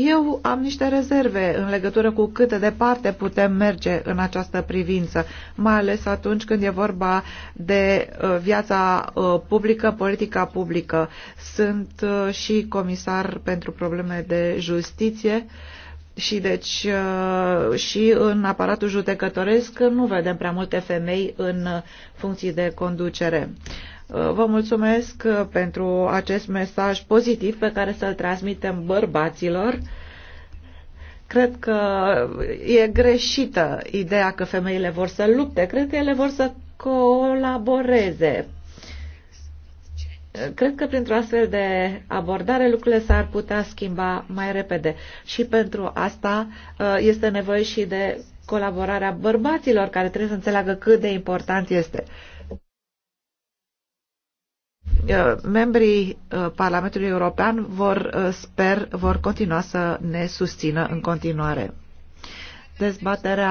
Eu am niște rezerve în legătură cu cât de departe putem merge în această privință, mai ales atunci când e vorba de viața publică, politica publică. Sunt și comisar pentru probleme de justiție. Uh, și deci uh, și în aparatul judecătoresc nu vedem prea multe femei în funcții de conducere. Uh, vă mulțumesc uh, pentru acest mesaj pozitiv pe care să-l transmitem bărbaților. Cred că e greșită ideea că femeile vor să lupte, cred că ele vor să colaboreze Cred că printr-o astfel de abordare lucrurile s-ar putea schimba mai repede și pentru asta uh, este nevoie și de colaborarea bărbaților care trebuie să înțeleagă cât de important este. Uh, membrii uh, Parlamentului European vor, sper, vor continua să ne susțină în continuare. Dezbaterea